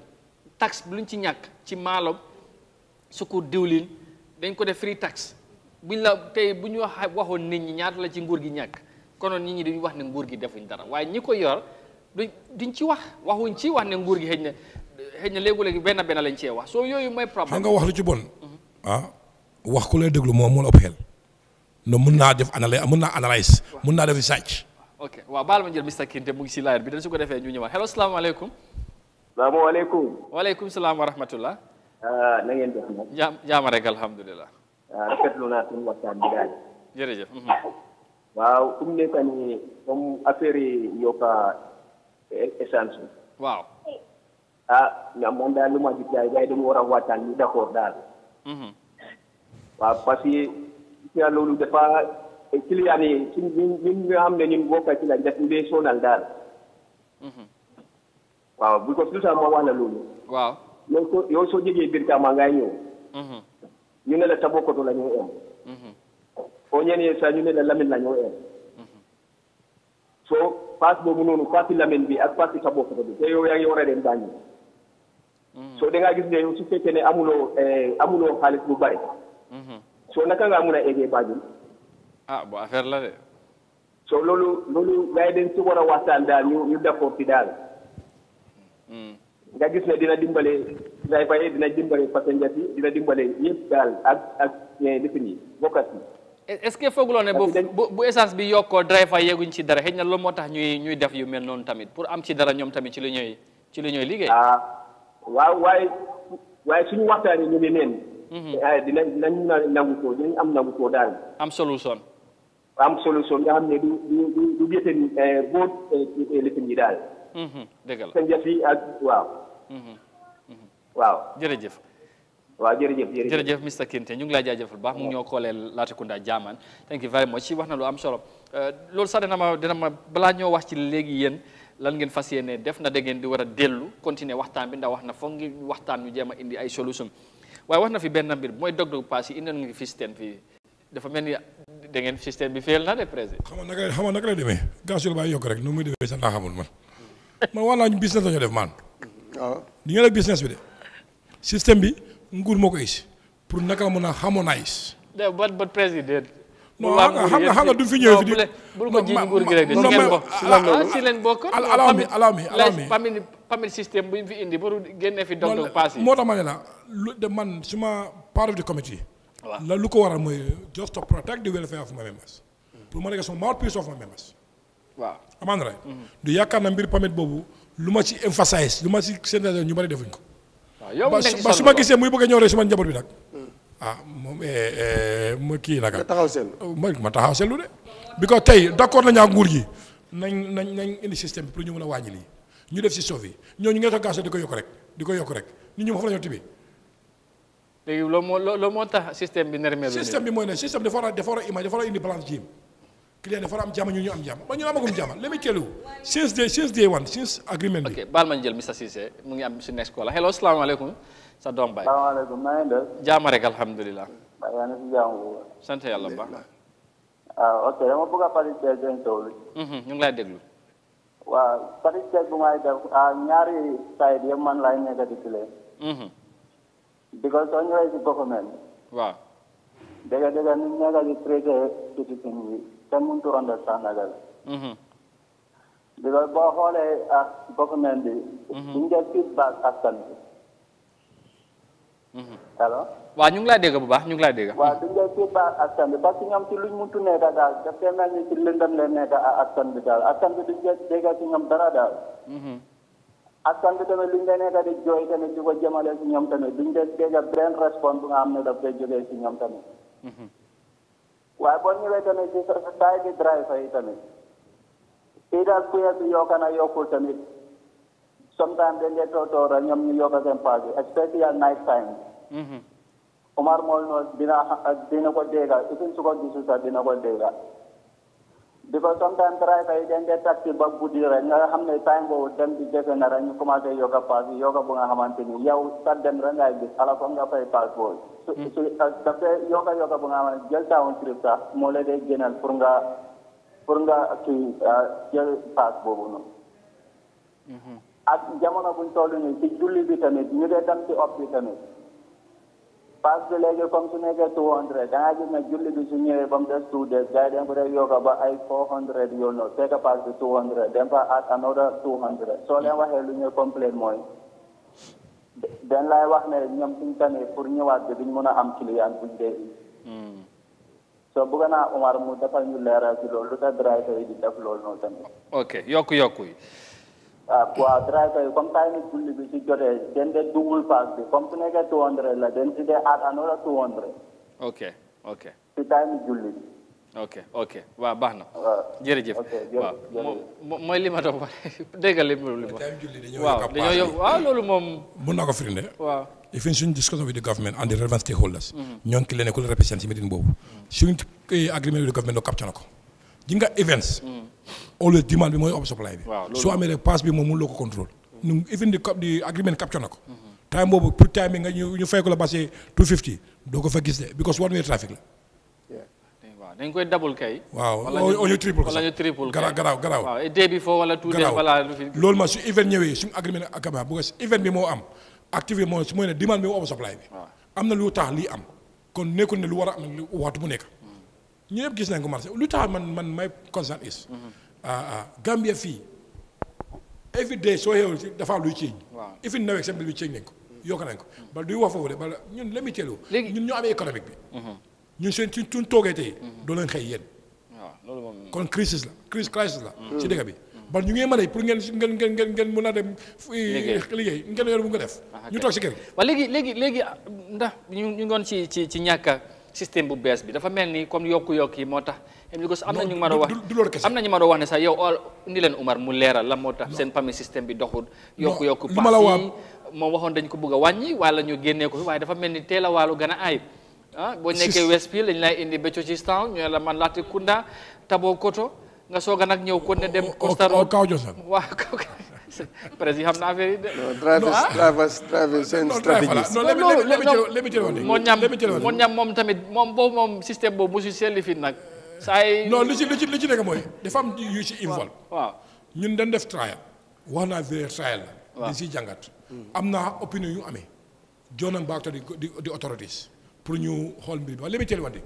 taxe luñ ci ñàkk ci maalo sukkur diwlin dañ ko def free tax buñ la tey bu ñu waxoon nit ñi ñaata la ci nguur gi ñàkk. kono nit ñi dañuy wax ne nguur gi defuñ dara waye ñi ko yor duñ ci wax waxuñ ci wax ne nguur gi hejna hejna xëj na ben ben lañ ci wax so yoyu may problème nga wax lu ci bon mhm. ah wax ku lay deglu moom mo la ëpp no mën na def analyse mën na analyse mën na def research ok wa bal ma jël Mr Kinte mu ngi ci laayar bi dañ su ko defé ñu ñëwa hello salaamaaleykum alaykum waaleykum alaykum wa alaykum wa rahmatullah ah na ngeen def nag jaam jaama rek alhamdulilah ah, rafetlu naa suñu waxtaan bi daal jërëjëf mhm. waaw fu mu nekk nii comme affaire yi yokk essence bi. waaw. ah man daal lu ma gis daal gars yi a waxtaan ñu d'accord daal. Mhm. waaw parce que ci loolu dafa client yi ñun ñun nga xam ne ñun bokk ci la def ñu dee mhm. waaw bu ko tout ça ma wax la loolu. waaw yow soo jógee biir kaa maa ngay ñëw. Mhm. ñu ne la sa bokkatu la ñu am. o ñani e sañu la lamin lañoo en so bo boobu noonu pati lamin bi ak pati sabo foto bi te yow yaa den war dem mm-hmm. so da nga gis ne yow su fekkee ne eh amulo xaalis bu bari mm-hmm. so naka nga mun a eggee ah bo affaire la de so loolu loolu gars den dañ wara waxtan a daal ñu ñu d'accord ci daal mm-hmm. nga gis ne dina dimbale driver yi dina dimbale passenger dina dimbale yépp daal ak ak lifin eh, defini bokkat est-ce que fooguloo ne bu bu essence bi yokkoo driver yeeguñ ci dara xëy na loolu moo tax ñuy ñuy def yu mel noonu tamit pour am ci dara ñoom tamit ci lu ñuy ci lu ñuy liggéey. ah waaw waaye waaye waxtaan waxtaanee ñu ne leen. Mhm. Eh, dinañ dinañ nangu ko nangu ko daal. am solution. am solution nga xam ne du du du du gëstu boo lifin yi daal. Mhm, dëgg la sa njëf yi ak waaw. Mhm, waaw jërëjëf. waaw jërëjëf jërëjëf jërëjëf Mr Kinte ñu ngi lay jaajëfal bu baax mu ngi ñoo koolee Latrikunda Jaman thank you very much ci wax na lu am solo eh, loolu sax dina ma dina ma balaa ñoo wax ci léegi yéen lan ngeen fas yéene def na da ngeen di war a dellu continuer waxtaan bi ndax wax na foog ngi waxtaan ñu jéem a indi ay solution waaye wax na fi benn mbir mooy dog dog pass yi indi nga système fii dafa mel ni da ngeen système bi féel na de président xam nga naka xam nga naka la demee gasul bàyyi yokk rek nu muy demee sax laa xamul man man wax naa ñu business la ñu def maan ah. di nga def business bi de système bi nguur pour harmonize. de président. non xam nga xam nga du fi ñëw fi di. ko bu fi la de man suma part of the committee. la lu ko just to protect the welfare of members. pour of mhm. emphasize yow ba su ma gisee muy bëgg a ñëw rek si man njaboot bi nag. ah moom eh, eh, ma kii nag. ma taxaw seetlu oh, ma taxaw seetlu de. bi ko tey d' accord nañu ak nguur yi nañ nañ nañ indi système bi pour ñu mën a wàññi nii ñu def si suuf yi ñooñu ñu ngi toog gaas di ko yokk rek di ko yokk rek nit ñi ma fa la ñu tibbee. léegi loolu moo moo tax système bi. nermé système bi mooy ne système dafa war a dafa war a indi balance jiim client dafa am jàmm ñu ñu am jàmm ba ñu amagum jàmm li muy kellu since day since day one since agreement bi. ok baal ma jël Mr Cissé mu ngi am next call hello salaamaaleykum sa doom baay. salaamaaleykum maa ngi def. jaama rek alhamdulilah. waaw yaa ngi si jàmm bu baax. sant yàlla bu baax. Ah, a mhm, ñu ngi lay déglu. waaw Fatick Seck bu may def ah, ñaari side yëpp man laay nekk di play. Mhm. because soo ñëwee si Bokomel. waaw. dëgg dëgg kenn mënut a understand bi because boo xoolee ak ah, government bi. duñ mm-hmm. jël feedback askan bi. alors. Mm-hmm. waaw ñu ngi laa dégg bu baax ñu ngi laa dégg. waaw duñ jël bi parce que ñoom ci luñ mënut a nekk daal daf koy mel ni ci lëndëm lay nekk ak askan bi daal askan bi duñ jël dégg ci ñoom dara daal. Mm-hmm. askan bi tamit luñ leen nekk di jooy tamit di ko jëmale ci ñoom tamit duñ jël dégg benn response bu nga am ne daf koy jógee si ñoom tamit. waaye boo ñëwee tamit ci saa yi di drive yi tamit either kuréel bi yokk na yokkul tamit sometimes dañ dee toog toog rek ñoom ñu yokk seen paas yi especially at night time mm-hmm. Omar mooy noonu dina dina ko dégga even su ko gisul sax dina ko dégga because sometimes driver yi dañ dee ba guddi rek nga xam ne time boobu dem bi jege na rek ñu commencé yokka paas yokka bu nga xamante ni yow sa dem rek ngay gis ala comme nga fay paas boobu su hmm. su daf dee yokka yokka bu nga xamante jël town sax moo la dee génnal pour nga pour nga ki ah, jël paas boobu noonu hmm, hmm. ak jamono buñ toll nii ci julli bi tamit ñu dee dem si op bi tamit pass bi léegi comme su nekkee two da ngaa gis ne julli bi su ñëwee ba mu des two days gars yi dañ ko def ba ay four hundred yoo noonu fekk pass bi two hundred dem fa add another two hundred soo leen waxee lu ñuy complain mooy dañ lay wax ne ñoom suñ tamit pour ñëwaat bi duñ mën a am client buñ dee hmm. so bëgg naa Omar mu defal ñu leeral ci loolu lu tax driver di def loolu noonu tamit ok yokku yokku Ah, waaw driver yi comme time julli bi si jotee den de double pass bi comme su nekkee la den si dee add another ok ok si time julli ok ok waaw baax na ah, jërëjëf waaw mooy li ma doon wax dégg nga li ma waaw dañoo yóbbu waaw moom mun naa ko firnde waaw even suñu discussion with government and the relevant stakeholders mm-hmm. ñoo ngi ki leen ko represent si meeting boobu mm-hmm. suñu agreement with government doo capture ko ji nga events mm-hmm. au lieu bi mooy op supply bi. soo amee rek passe bi moom mënuloo ko contrôle. ñu even di cop di agreement capture na ko. time boobu pour time bi nga ñu ñu ko la passé 250 doo ko fa gis de because one way traffic la. dañ koy double kay. waaw oo ñu triple ko sax waaw bi foo wala tout loolu ma su event ñëwee suñu agreement ak Kaba bu ko event bi moo am activé moo mooy ne demande bi moo am supply bi. am na lu tax lii am kon nekkul ne lu war a am waxtu bu nekk. ñu yëpp gis nañ ko marché lu tax man man may concern is mhm. ah ah Gambia fii every day soo xewul ci dafa am luy ceeñ. waaw ifin nawet bi luy nañ ko. yokk nañ ko mhm. bala duy wax foofu de bala ñun la muy teelu ñun ñoo amee économique bi. Mhm. ñun seen suñ suñ toogee la crise crise la. ci dëkk bi bal ñu ngi mën a pour mën a dem. liggéey liggéey ngeen yor bu nga def. Ah, ñu toog si kër gi. waaw léegi léegi léegi ndax ñu ñu ngoon ci ci ci système bu bees bi dafa mel ni comme yokku-yokk yi moo tax am na ñu ma doon wax am na ñu ma doon wax ne sax yow ni leen Umar mu leeral la moo tax seen pami système bi doxul yokku-yokku pax yi moom waxoon dañ ko bëgg a wàññi wala ñu génnee ko waaye dafa mel ni teela waalo gana gën a ah boo nekkee West Pile dañ lay indi Béthio-Cistern ñu ne la man Latrikunda Tabo Koto nga soog nag ñëw kon ne dem Costa Rhodes waaw President, I'm not very. No, Travis, no, Travis, Travis, and no, strategist. No, let me, let me, no, let me tell you one thing. Let me tell you one thing. Mon yam mom tamit, mom bo mom system bo musu selli fi nak. Say. No, li ci li ci li ci nek moy, dafa am you ci involve. Waaw. Ñun dañ def trial. Wax na vrai trial la. Dañ ci jangat. Am na opinion yu amé. Jonam back to the, the, the authorities pour ñu xool mbir bi waaye li ma jël wante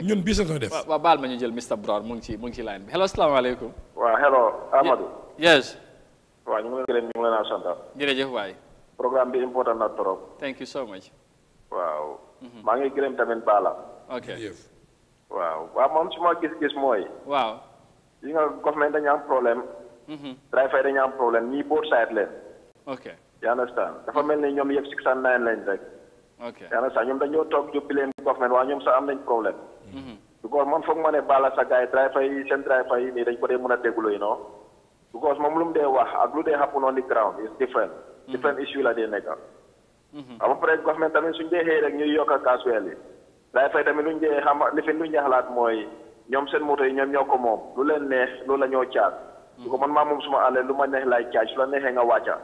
ñun business la def. waaw baal ma ñu jël Mr Brown mu ngi ci mu ngi ci line bi hello salaamaaleykum. waaw hello Amadou. yes. waaw ñu ngi leen gërëm ñu ngi leen a sant. jërëjëf waay. programme bi important na trop. thank you so much. waaw. Mhm. maa ngi gërëm tamit Bala. ok waaw waaw moom su ma gis-gis mooy. waaw. yi nga government dañu am problème. Mhm. driver dañu am problème ñii both side leen. ok you understand dafa mel ni ñoom yëpp six and nine lañ rek. na you understand ñoom dañoo toog jubbi leen government waa ñoom sax am nañ problème. parce mhm. que man foog ma ne Bala sa gars yi driver yi seen driver yi nii dañ ko dee mën a déglu because moom lu mu dee wax ak lu dee happen on the ground is different. Mm-hmm. different issue la dee nekka ba mm-hmm. pare government tamit suñ dee xëy rek ñuy yokk gasoil yi day fay tamit luñ dee xam li fi luñ dee xalaat mooy ñoom seen moto yi ñoom ñoo ko moom lu leen neex loolu la ñoo caag. su mm-hmm. ko man maa moom suma àll lu ma neex laay caaj su la neexee nga wàcca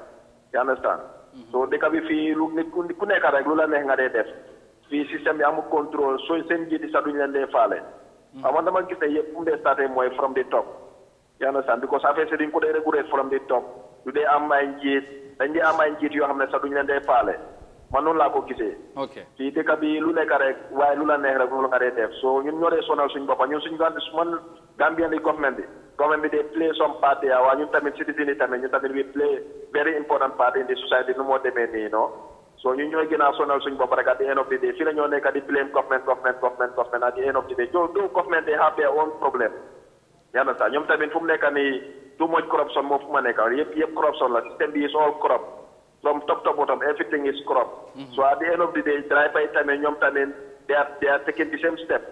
you understand so dëkk bi fii lu nit ku nekk rek lu la neex nga dee def fii système bi amul contrôle soo seen njiit yi sax duñu leen dee faale. waaw man dama gis ne yëpp fu mu dee mooy from the top. You understand? Because affaire si dañ ko dee from the top du dee am ay njiit dañ dee am ay njiit yoo xam ne sax duñ leen dee faale man noonu laa ko gisee. ok fii dëkk bi lu nekk rek waaye lu la neex rek noonu nga dee def so ñun ñoo dee sonal suñ boppam ñun suñ man Gambien di government bi government bi dee play some part there ah, waaye ñun tamit citizen yi tamit ñun tamit we play very important part in the society nu moo demee nii no. so ñun ñooy gën a sonal suñ bopp rek at the end of the day fii la ñoo nekk di blame government government government government at the end of the day do government they have their own problem yaa na ñoom tamit fu mu nekk nii too much corruption moo fu ma nekk yëpp yëpp corruption la système bi is all corrupt from top to bottom everything is corrupt. Mhm. so at the end of the day driver yi tamit ñoom tamit they are they are taking the same step.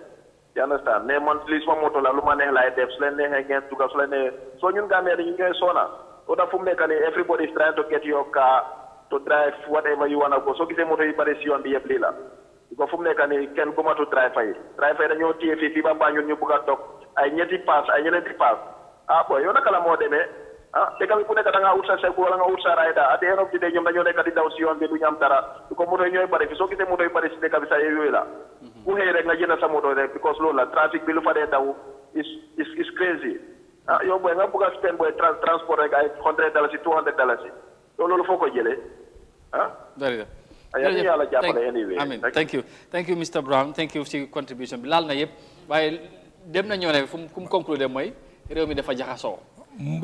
yaa na man li suma moto la lu ma neex laay def su leen neexee ngeen dugal su leen neexee soo ñun Gambia dañu ñooy soona oo tax fu mu nekk nii everybody is trying to get your car to drive whatever you wanna yoon bi yëpp lii la. parce que fu mu nekk nii kenn gomatu toog ay ñetti paas ay ñeneenti paas ah bon yow naka la ah dëkk ku nekk da ngaa sa segg wala nga wut sa rayda at the end of the day ñoom dañoo nekk di daw si yoon bi du ñu am dara du ko moto yi ñooy bari fi soo gisee moto yi bari yooyu la mhm. ku xëy nga jënd sa moto rek because loolu la trafic bi lu fa dee daw is is ah yow booy nga bëgg a spend booy transport ay hundred dalasi two hundred dalasi loolu loolu foo ah, ah yàlla jàppale anyway thank you you thank you ci dem nañoo ne fu mu conclure moy rew mi dafa jaxaso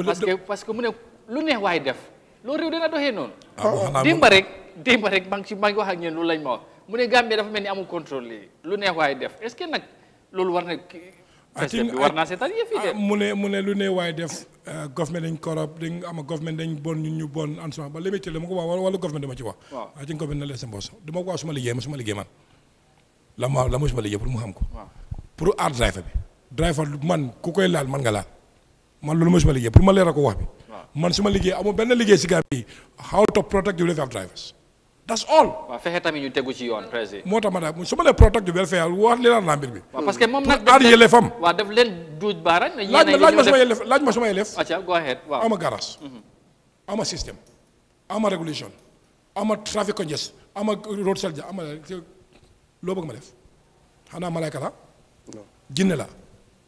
parce que parce que mu ne lu neex way def lo rew dina doxé non dimba rek dimba rek bang ci bang wax ak ñeen lu lañ ma wax mu ne Gambie dafa melni amul contrôle li lu neex way def est ce que nak loolu war na. festival bi war naa seetaan yëf ah, mu ne mu ne lu def euh, government dañ corrupt dañ ama government dañ bon ñun ñu bon en ba léegi ci dama ko wax wala government dama ci wax. waaw ci government na leen sa mbos dama ko wax suma liggéey suma liggéey man la ma suma pour mu xam ko. pour bi drive man ku koy laal man nga laal man loolu mooy suma liggéey pour ma leeral ko wax bi. man suma liggéey amul benn liggéey si Gambie how to protect the welfare drivers. that's all. fexe tamit ñu tegu ci yoon président. moo tax ma daal su ma nee protect the welfare wax li naan mbir bi. leen aar fam. waaw daf leen duut baaraam. laaj ma suma yelef laaj ma suma yelef. acca go ahead waaw ama garage. Mhm. ama système. ama régulation. ama traffic congestion. ama road safety ama loo bëgg ma def xanaa malaaka la. jinne la.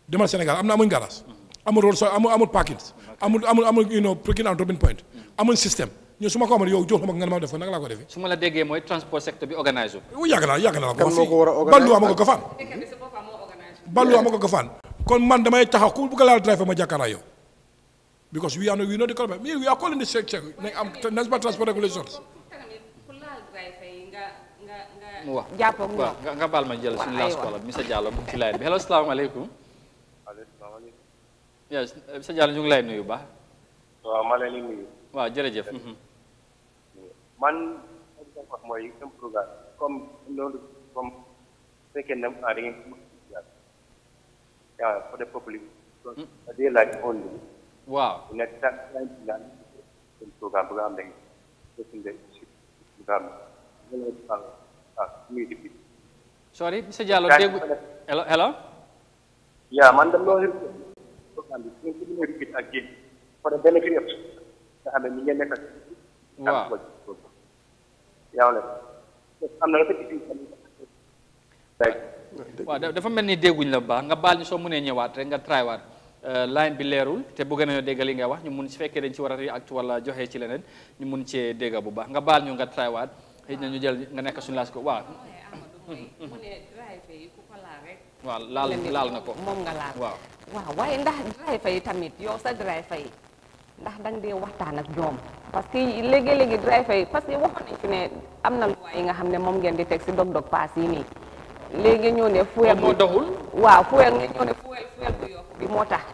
demal senegal amna amuñ garage amul rôle sooy amul amul parking amul amul amul you know parking and dropping point amul système ñu suma ko amul yow jox ma nga ma def nak la ko defee. suma la déggé moy transport secteur bi organisé wu. yag na yag na ko kan fii ballu amako ko fan ballu amako ko fan kon man damay taxaw ku bëgg la driver ma jakara yow. because we are we know the problem we we are calling the check check nañ am ba transport regulations. nga nga nga. Nggak nga nga baal ma jël suñu last call bi Mr Diallo ci laaj bi hello salaamaaleykum yaa eh, bisa jalan juga lain lay nuyu baax. waaw maa man wax mooy seen comme non comme fekkee ne ah da ngeen waaw côté populi. day laaj on li. waaw ne tax nañ ci naan sorry bisa Diallo hello hello. yaa man dama famille ñun ci ñu repeat ak yeen fa da benn période nga la am euh, line bi leerul te bëgg nañoo dégg nga wax ñu mun si fekkee dañ ci war react wala ci ñu bu baax nga baal ñu nga try waat xëy na ñu jël nga nekk suñu waaw laal laal na ko moom nga laal waaw waaw waaye ndax driver yi tamit yow sa driver yi ndax danga dee waxtaan ak ñoom parce que léegi-léegi driver yi parce que waxoon nañ fi ne am na loi yi nga xam ne moom ngeen di teg si dog-dog paas yi nii léegi ñëw ne fuel moo doxul waaw fuel nga ñëw ne fuel bu yokk moo tax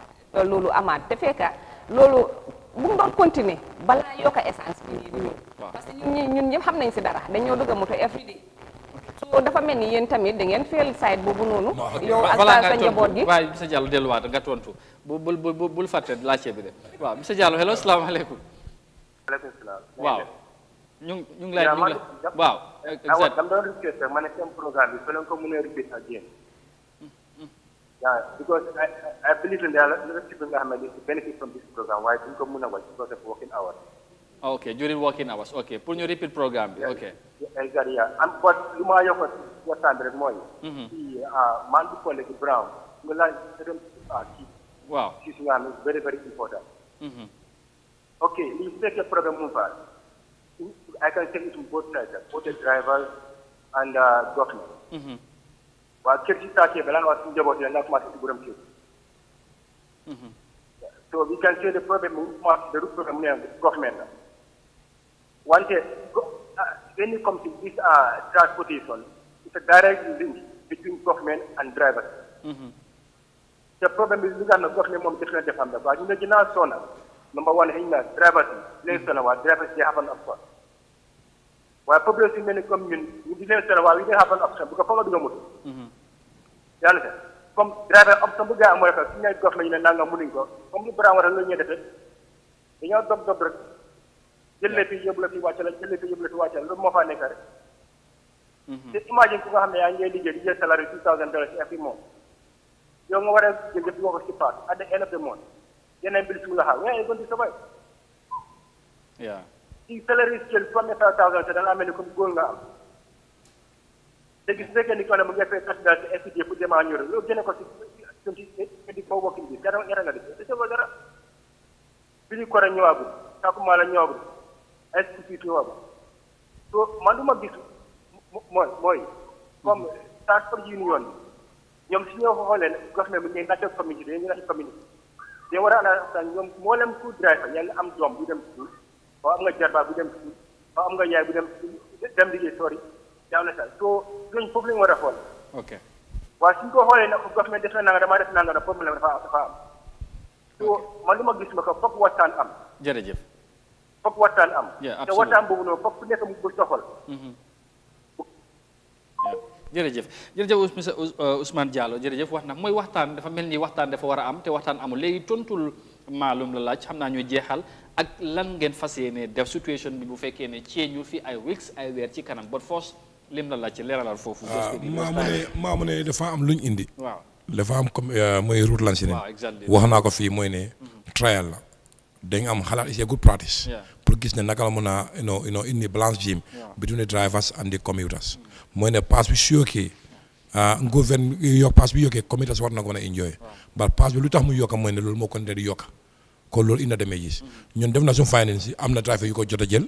loolu amaat te fekka loolu bu mu doon continuer balaa yokk essence bi nii di ñëw parce que ñun xam nañ si dara dañoo dugg moto every dafa mel ni yéen tamit da ngeen feel side boobu noonu. yow ak sa njaboot gi waaye monsieur Diallo delluwaat nga tontu bu bul bul bul fàtte laajte bi de waaw monsieur Diallo hello salaamaaleykum. maaleykum salaam. waaw ñu ñu ngi lay ñu ngi la waaw. exact ah, ma ne seen bi fële ko mën a repeat ak yéen. waaw because I I believe in the benefit from this program waaye duñ ko mën a wàcc because Okay, during working hours. Okay, pour ñu repeat programme bi. Okay. Exactly. Am ko lu ma yokk waxtaan rek mooy. ci man bu collègue Brown uh, Wow. This dem ci very very important. Mm-hmm. ok lii take problème mu fa I can take it to both sides both the drivers and uh, government. Mm-hmm. waa kër ci saa kee balaa wax suñu njaboot yi naa commencé ci borom kër. so we can say the problem mu the root problem mu government one day, uh, when it comes to this uh, transportation, it's a direct link between government and drivers. Mm -hmm. The problem is because the government won't take the family. But you know, now number one, in the drivers, less than our drivers, they have an offer. Why problem in many communes, we didn't say why we didn't have an option because follow the motor. Mm-hmm. You understand? From driver option, we got a more government in a Nanga Muningo. From the Brown, we're a little bit. You know, dog, dog, jël la fii yóbbu la fii wàcce la jël la fii yóbbu la fii wàcce la loolu moo faa nekk rek. Mhm. te imagine ku nga xam ne yaa ngi liggéey di jël salaire two thousand dollars ci every month yow nga war a ko ci paat at the end of la xaar where are you going to survive. waaw ci thousand te da ngaa mel ni comme góor nga am. léegi su fekkee ni ko ne mu ngi fay tas daal ci FPD loolu génne ko si twenty twenty four working days dara nga def dara. bi ñu ko rek ñëwaagul tàkkumaa la ñëwaagul. institution so man duma gis moy moy comme mm-hmm. transport union ñom ci ñoo xolé gox na mi ngay natta community dañu natta community dañ wara ñom mo lem ku drive, yang am dom bu dem ci am nga jarba bu dem ci ko am nga yaay bu dem dem liggéey sori daaw na sa so duñ fofu wara xol okay wa suñ ko xolé nak gox na def na nga dama def na nga problème dafa dafa am so man duma gis fokk am foog waxtaan am. te waxtaan boobu noonu foog ku nekk mu mm-hmm. uh, jërëjëf wax na mooy waxtaan dafa mel ni waxtaan dafa war a am te waxtaan amul léegi tontul maalum la laaj xam naa ñu jeexal ak lan ngeen fas yéene def situation bi bu fekkee ne ceeñu fi ay weeks ay weer ci kanam bot force lim la laaj ci leeralal foofu. maamu ne maamu ne dafa am luñ indi. waaw dafa am comme euh, mooy route lancée. waaw wax naa ko fii mooy ne. Mm-hmm. trial la. they am halal is a good practice. Yeah. Because the nakalmuna, you know, you know, in the balance gym yeah. between the drivers and the commuters. Mm. When the pass we sure okay, uh, govern your pass we okay, commuters what not gonna enjoy. Wow. But pass we luta mu yoka mo ne lol mo kon de yoka. Ko lol ina deme gis. Mm-hmm. Ñun def na sun finance am na driver yu ko a jël.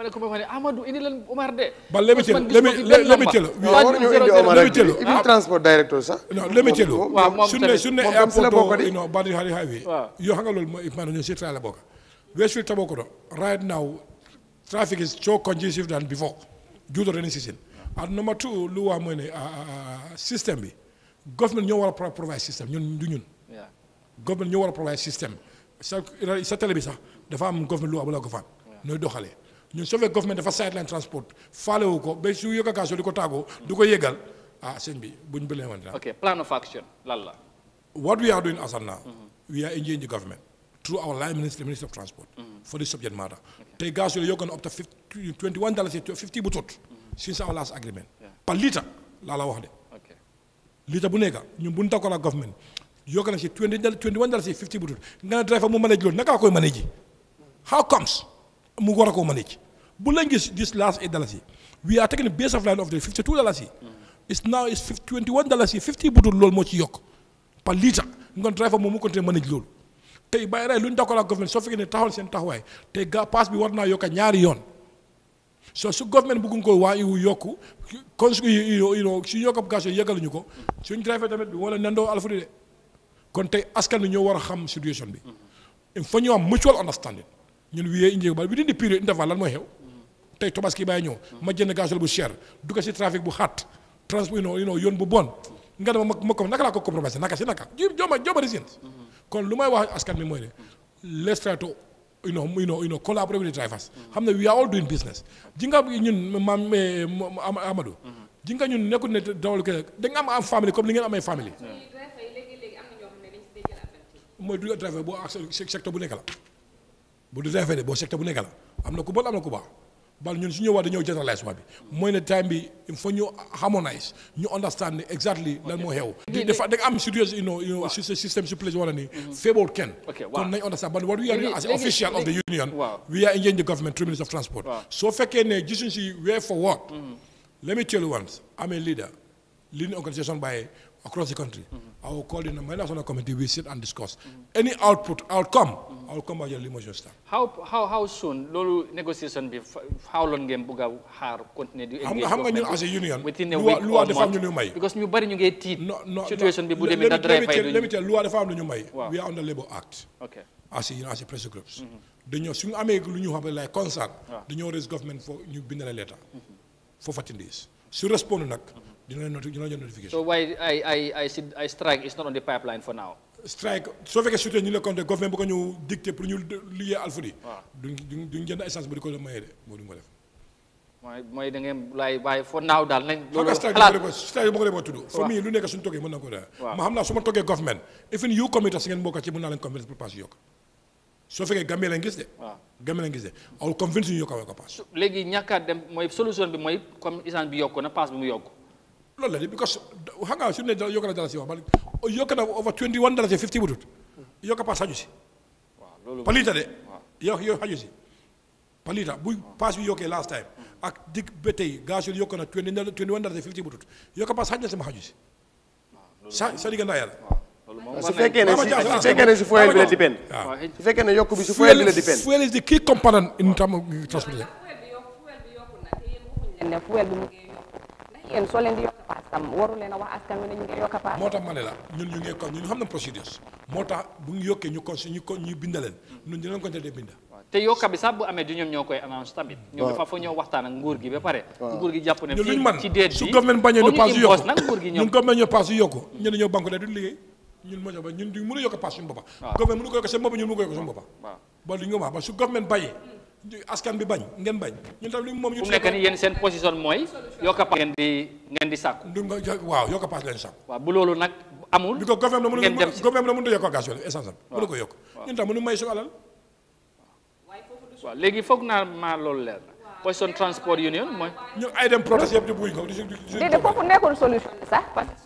ba lébi cël lébi cël lébi cël ibi transport directeur sax. la bokk de non badi hari highway yoo xam nga loolu mooy maanaam ñoo surtout la bokk Westfield Tabakoto right now traffic is so congested than before due to rainy two lu waa mooy ne ah, ah, ah, système bi government ñoo war a provide système ñun du ñun government ñoo war a provide système sa sa bi sax dafa am government lu amula ko faan nooy doxalee ñun su fekkee government dafa sideline transport faalewu ko ba su yëga kaasoo di ko tàggoo du ko yëgal ah sëñ bi buñ bëlee woon dara. ok plan of action lan la. what we are doing Assane now. Mm-hmm. we are engaging the government. through our line minister, Minister of Transport, mm-hmm. for this subject matter. Okay. They gas you're up to 21 dollars to 50 butot mm mm-hmm. since our last agreement. Yeah. Per liter, la la wahde. Okay. Liter bunega, you bunta kola government. You're going to see 20, 21 dollars 50 butot. Ngana driver mu manage loan, naka koy manage. How comes? mu war a ko manage bu lañ gis this last eight dalasi we are taking a of line of the fifty two dalasi it's now it's twenty one dalasi fifty butul loolu moo ci yokk par litre nga driver moom mu continuer manage loolu tey bàyyi ray lu ñu d'accord ak government soo fekkee ne taxawal seen taxawaay tey ga paas bi war naa yokk ñaari yoon so su government bëgguñ ko waa yokk yokku kon su suñu yokk ab gaz yooyu yëgaluñu ko suñu driver tamit wala nendoo alfudi de kon tey askan bi war a xam situation bi il faut ñu ñun wiyee njëg ba bi dindi période intervalle lan mooy xew tey tobaski bàyyi ñëw ma jënd gasoil bu cher dugg si trafic bu xaat transport yoon bu bon nga dama ma ma ko naka laa ko compromise naka si naka ji jooma jooma kon lu may wax askan mi mooy ne let's try to you know you collaborate drivers xam ne we are all doing business ji nga ñun maam eh, Amadou ji nga ñun nekkul ne dawal ko da nga am am famille comme li ngeen amee famille mooy du driver boo ak secteur bu nekk la bu du affaire boo secteur bu nekk la am na ku bon am na ku baax bal ñun su ñëwaat dañoo généralise bi mooy ne time bi il faut ñu harmonise ñu understand exactly lan moo xew. dafa da nga am serious, you know you know système su place wala ni mhm. faible ken kon nañ understand but what we are as official of the union. we are engaging the government through minister of transport. soo fekkee ne gisuñ si for what? Mhm. let me tell you once I'm a leader leading organisation by across the country. Mhm. I will call in a national committee we sit and discuss. any output outcome. I'll come back to Limoges staff. How how how soon loolu negotiation a xaar continuer xam nga ñun as a union. within ñu may. because ñu bari ñu ngi tiit. situation bi bu dafa am lu ñu may. we are under Labour Act. as a union as a press groups. dañoo suñu amee lu ñu xam lay concern. dañoo raise government mm-hmm. su respond nag. dina leen dina leen notification. so why I for now. strike soo fekkee surtout ñu la compté government bu ko ñëw dicté pour ñu liggéey Alfoury. waaw duñ jënd essence bu di ko mayee de mooy mooy da bàyyi fo naaw daal nañ. loolu xalaat strike ko defoo famille lu nekk suñu toggee mën na ko def. ma xam naa su ma toggee government even you committee si ngeen bokk ci mën naa leen convaincre pour pass yokk soo fekkee Gambie lañ gis de. waaw lañ gis de awul convaincre ñu yokkawee ko pass. léegi ñàkk a dem mooy solution bi mooy comme essence bi yokku na pass bi lool la de because hanga su ne yokk na dalasi wax bal yokk na over twenty one dalasi fifty wutut yokk paas xaju si palita de yow yow si palita bu paas bi yokkee last time ak dikk ba tey gasul yokk na twenty one dalasi fifty wutut yokk paas xaju na sama xaju si sa sa digg naa yàlla su fekkee ne su si fuel bi bi si fuel yéen soo leen di yokk paas a wax askan moo tax ma la ñun ñu ngi kon ñun xam na procédures moo tax bu ñu yokkee ñu consi ñu ko ñu binda. te yokka bi sax su government bañee ñu paas yu yokku ñun government ñoo paas yu liggéey ñun moo ba ñun duñ mën a yokk paas suñu boppam. government mënu ko wax ba su government bañee askan bi bañ ngeen bañ. ñu tam li moom ñu. fu mu nekk nii yéen seen position mooy. yokk a paas ngeen di ngeen di sàkku. waaw yokk a paas ngeen di bu loolu nag amul. ngeen bi ko gouvernement mënut a yokk gaz yooyu essence am. waaw mënu ko yokk ñun tam mënu may suñu alal. léegi foog naa maa loolu leer na. position transport union mooy. ñu ay dem protest yëpp di buy ko. déedéet foofu nekkul solution sax parce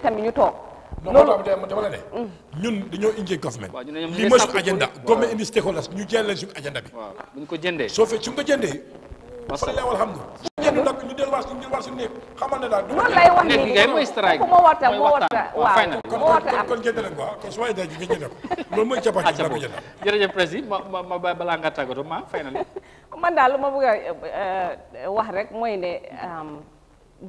que ñu toog. non non non dama la ne. ñun dañoo indi government. waaw ñun li mooy suñu agenda. waaw government indi stakeholders ñu jël leen agenda bi. waaw bu ñu ko jëndee. soo fekk su ñu ko jëndee. macha allah wala xam nga. jënd nag ñu delluwaat suñu delluwaat suñu néeg xamal ne daal. du ma lay wax nii nekk ngay mooy strike moo wota ko loolu mooy capacité dina ko jënd. ma balaa nga tàggatoo ma fay na man daal lu ma bëgg a euh, wax rek mooy ne euh,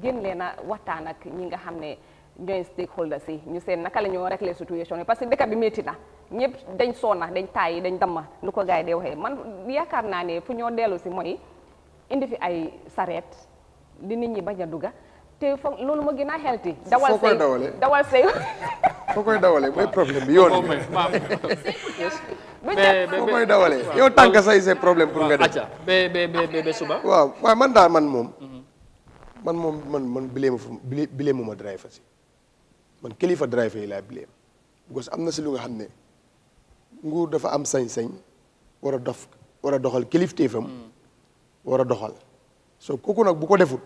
gën leen a waxtaan ak ñi nga xam ne ñooy stakeholders yi ñu seen naka la ñoo réglé situation yi parce que dëkk bi métti na ñëpp dañ sonna dañ tàyyi dañ damma lu ko gars yi dee waxee man yaakaar naa ne fu ñoo dellu si mooy indi fi ay sareet di nit ñi bañ a dugga te foog loolu moo gën a healthy dawal say dawal say foo koy dawalee mooy problème bi yoon bi foo koy dawalee yow tànk say sa problème pour nga def ba ba suba waaw man daal man moom mm-hmm. man moom man man bileemu fu bileemu ma driver si man kilifa driver yi laa bileem because am na si lu nga xam ne nguur dafa am sañ-sañ war a dof war a doxal kilifteefam war a doxal soo kooku nag bu ko deful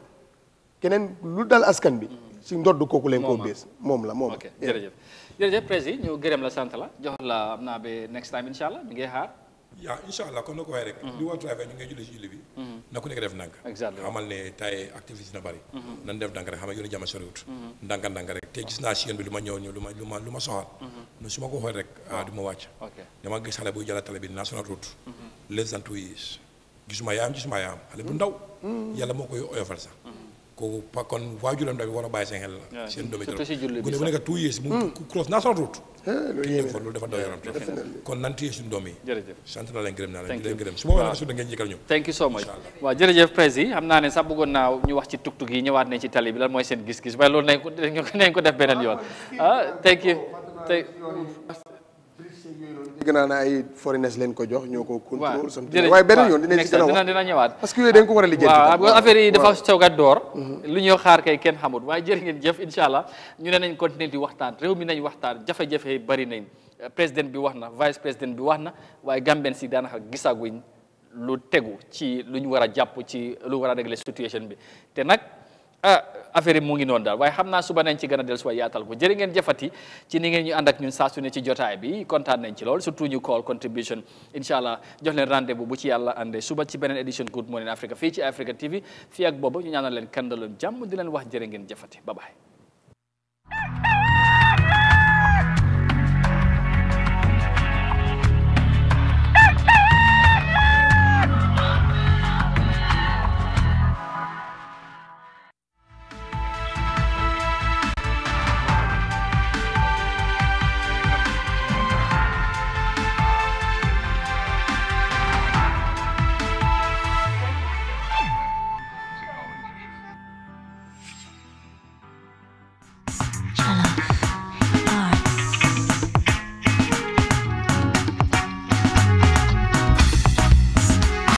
keneen lu dal askan bi si ndodd kooku leen koo bées moom la moom la jërëjëf jërëjëf la jox la am naa ba next time insha allah mi ngi xaar yaa incha allah comme na ko waxee rek. Mm-hmm. li war trafic ñu ngi julli si julli bi. Mm-hmm. na ku nekk def ndànk. exactement xamal ne tay activité na bari. Mm-hmm. nan def dank rek xam nga jama jàmm soriwut. ndànk ndànk rek te gis naa si yoon bi lu ma ñëw ñëw lu ma lu ma lu ma soxal. no su ma ko waxee rek ah du ma wàcc. dama gis xale bu jàll tale bi national route. les antouilles gisuma yaayam gisuma yaayam xale bu ndaw. yàlla moo koy oyofal sax. kooku pa kon waajuram daal war a bàyyi seen xel la. seen doom yi trop surtout bu nekk two mu mm. cross national route loolu yéeme kon loolu dafa daw yaram kon nan téye suñu yi sant naa leen gërëm naa leen gërëm su boobaa nag su da ngeen jëkkal ñu thank jërëjëf prési xam naa ne sax bëggoon naa ñu wax ci tuktuk yi ñëwaat nañ ci tali bi lan mooy seen gis-gis waaye loolu nañ ko nañ ko def beneen yoon ah thank you dégg naa na ay foreigners leen ko jox ñoo ko contrôle something waaye beneen yoon dinañ si gën parce que yooyu dañ ko war a lijjanti waaw affaire yi dafa mm-hmm. kenn xamut waaye jërë ngeen jëf incha allah ñu ne nañ continuer di waxtaan réew mi nañ waxtaan jafe-jafe bari nañ euh, président bi wax na vice président bi wax na waaye gamben si daanaka gisaguñ lu tegu ci lu ñu war a jàpp ci lu war a régler situation bi te nag ah affaire yi ngi noonu daal waaye xam naa suba nañ ci gën a dellusiwaat yaatal ko jërë ngeen jëfati ci ni ngeen ñu ànd ak ñun saa su ne ci jotaay bi kontaan nañ ci lool surtout ñu call contribution incha allah jox leen rendez-vous bu ci yàlla àndee suba ci beneen édition Good Morning Africa fii ci Africa TV fii ak ñu ñaanal leen kandaloon jàmm di leen wax jërë ngeen jëfati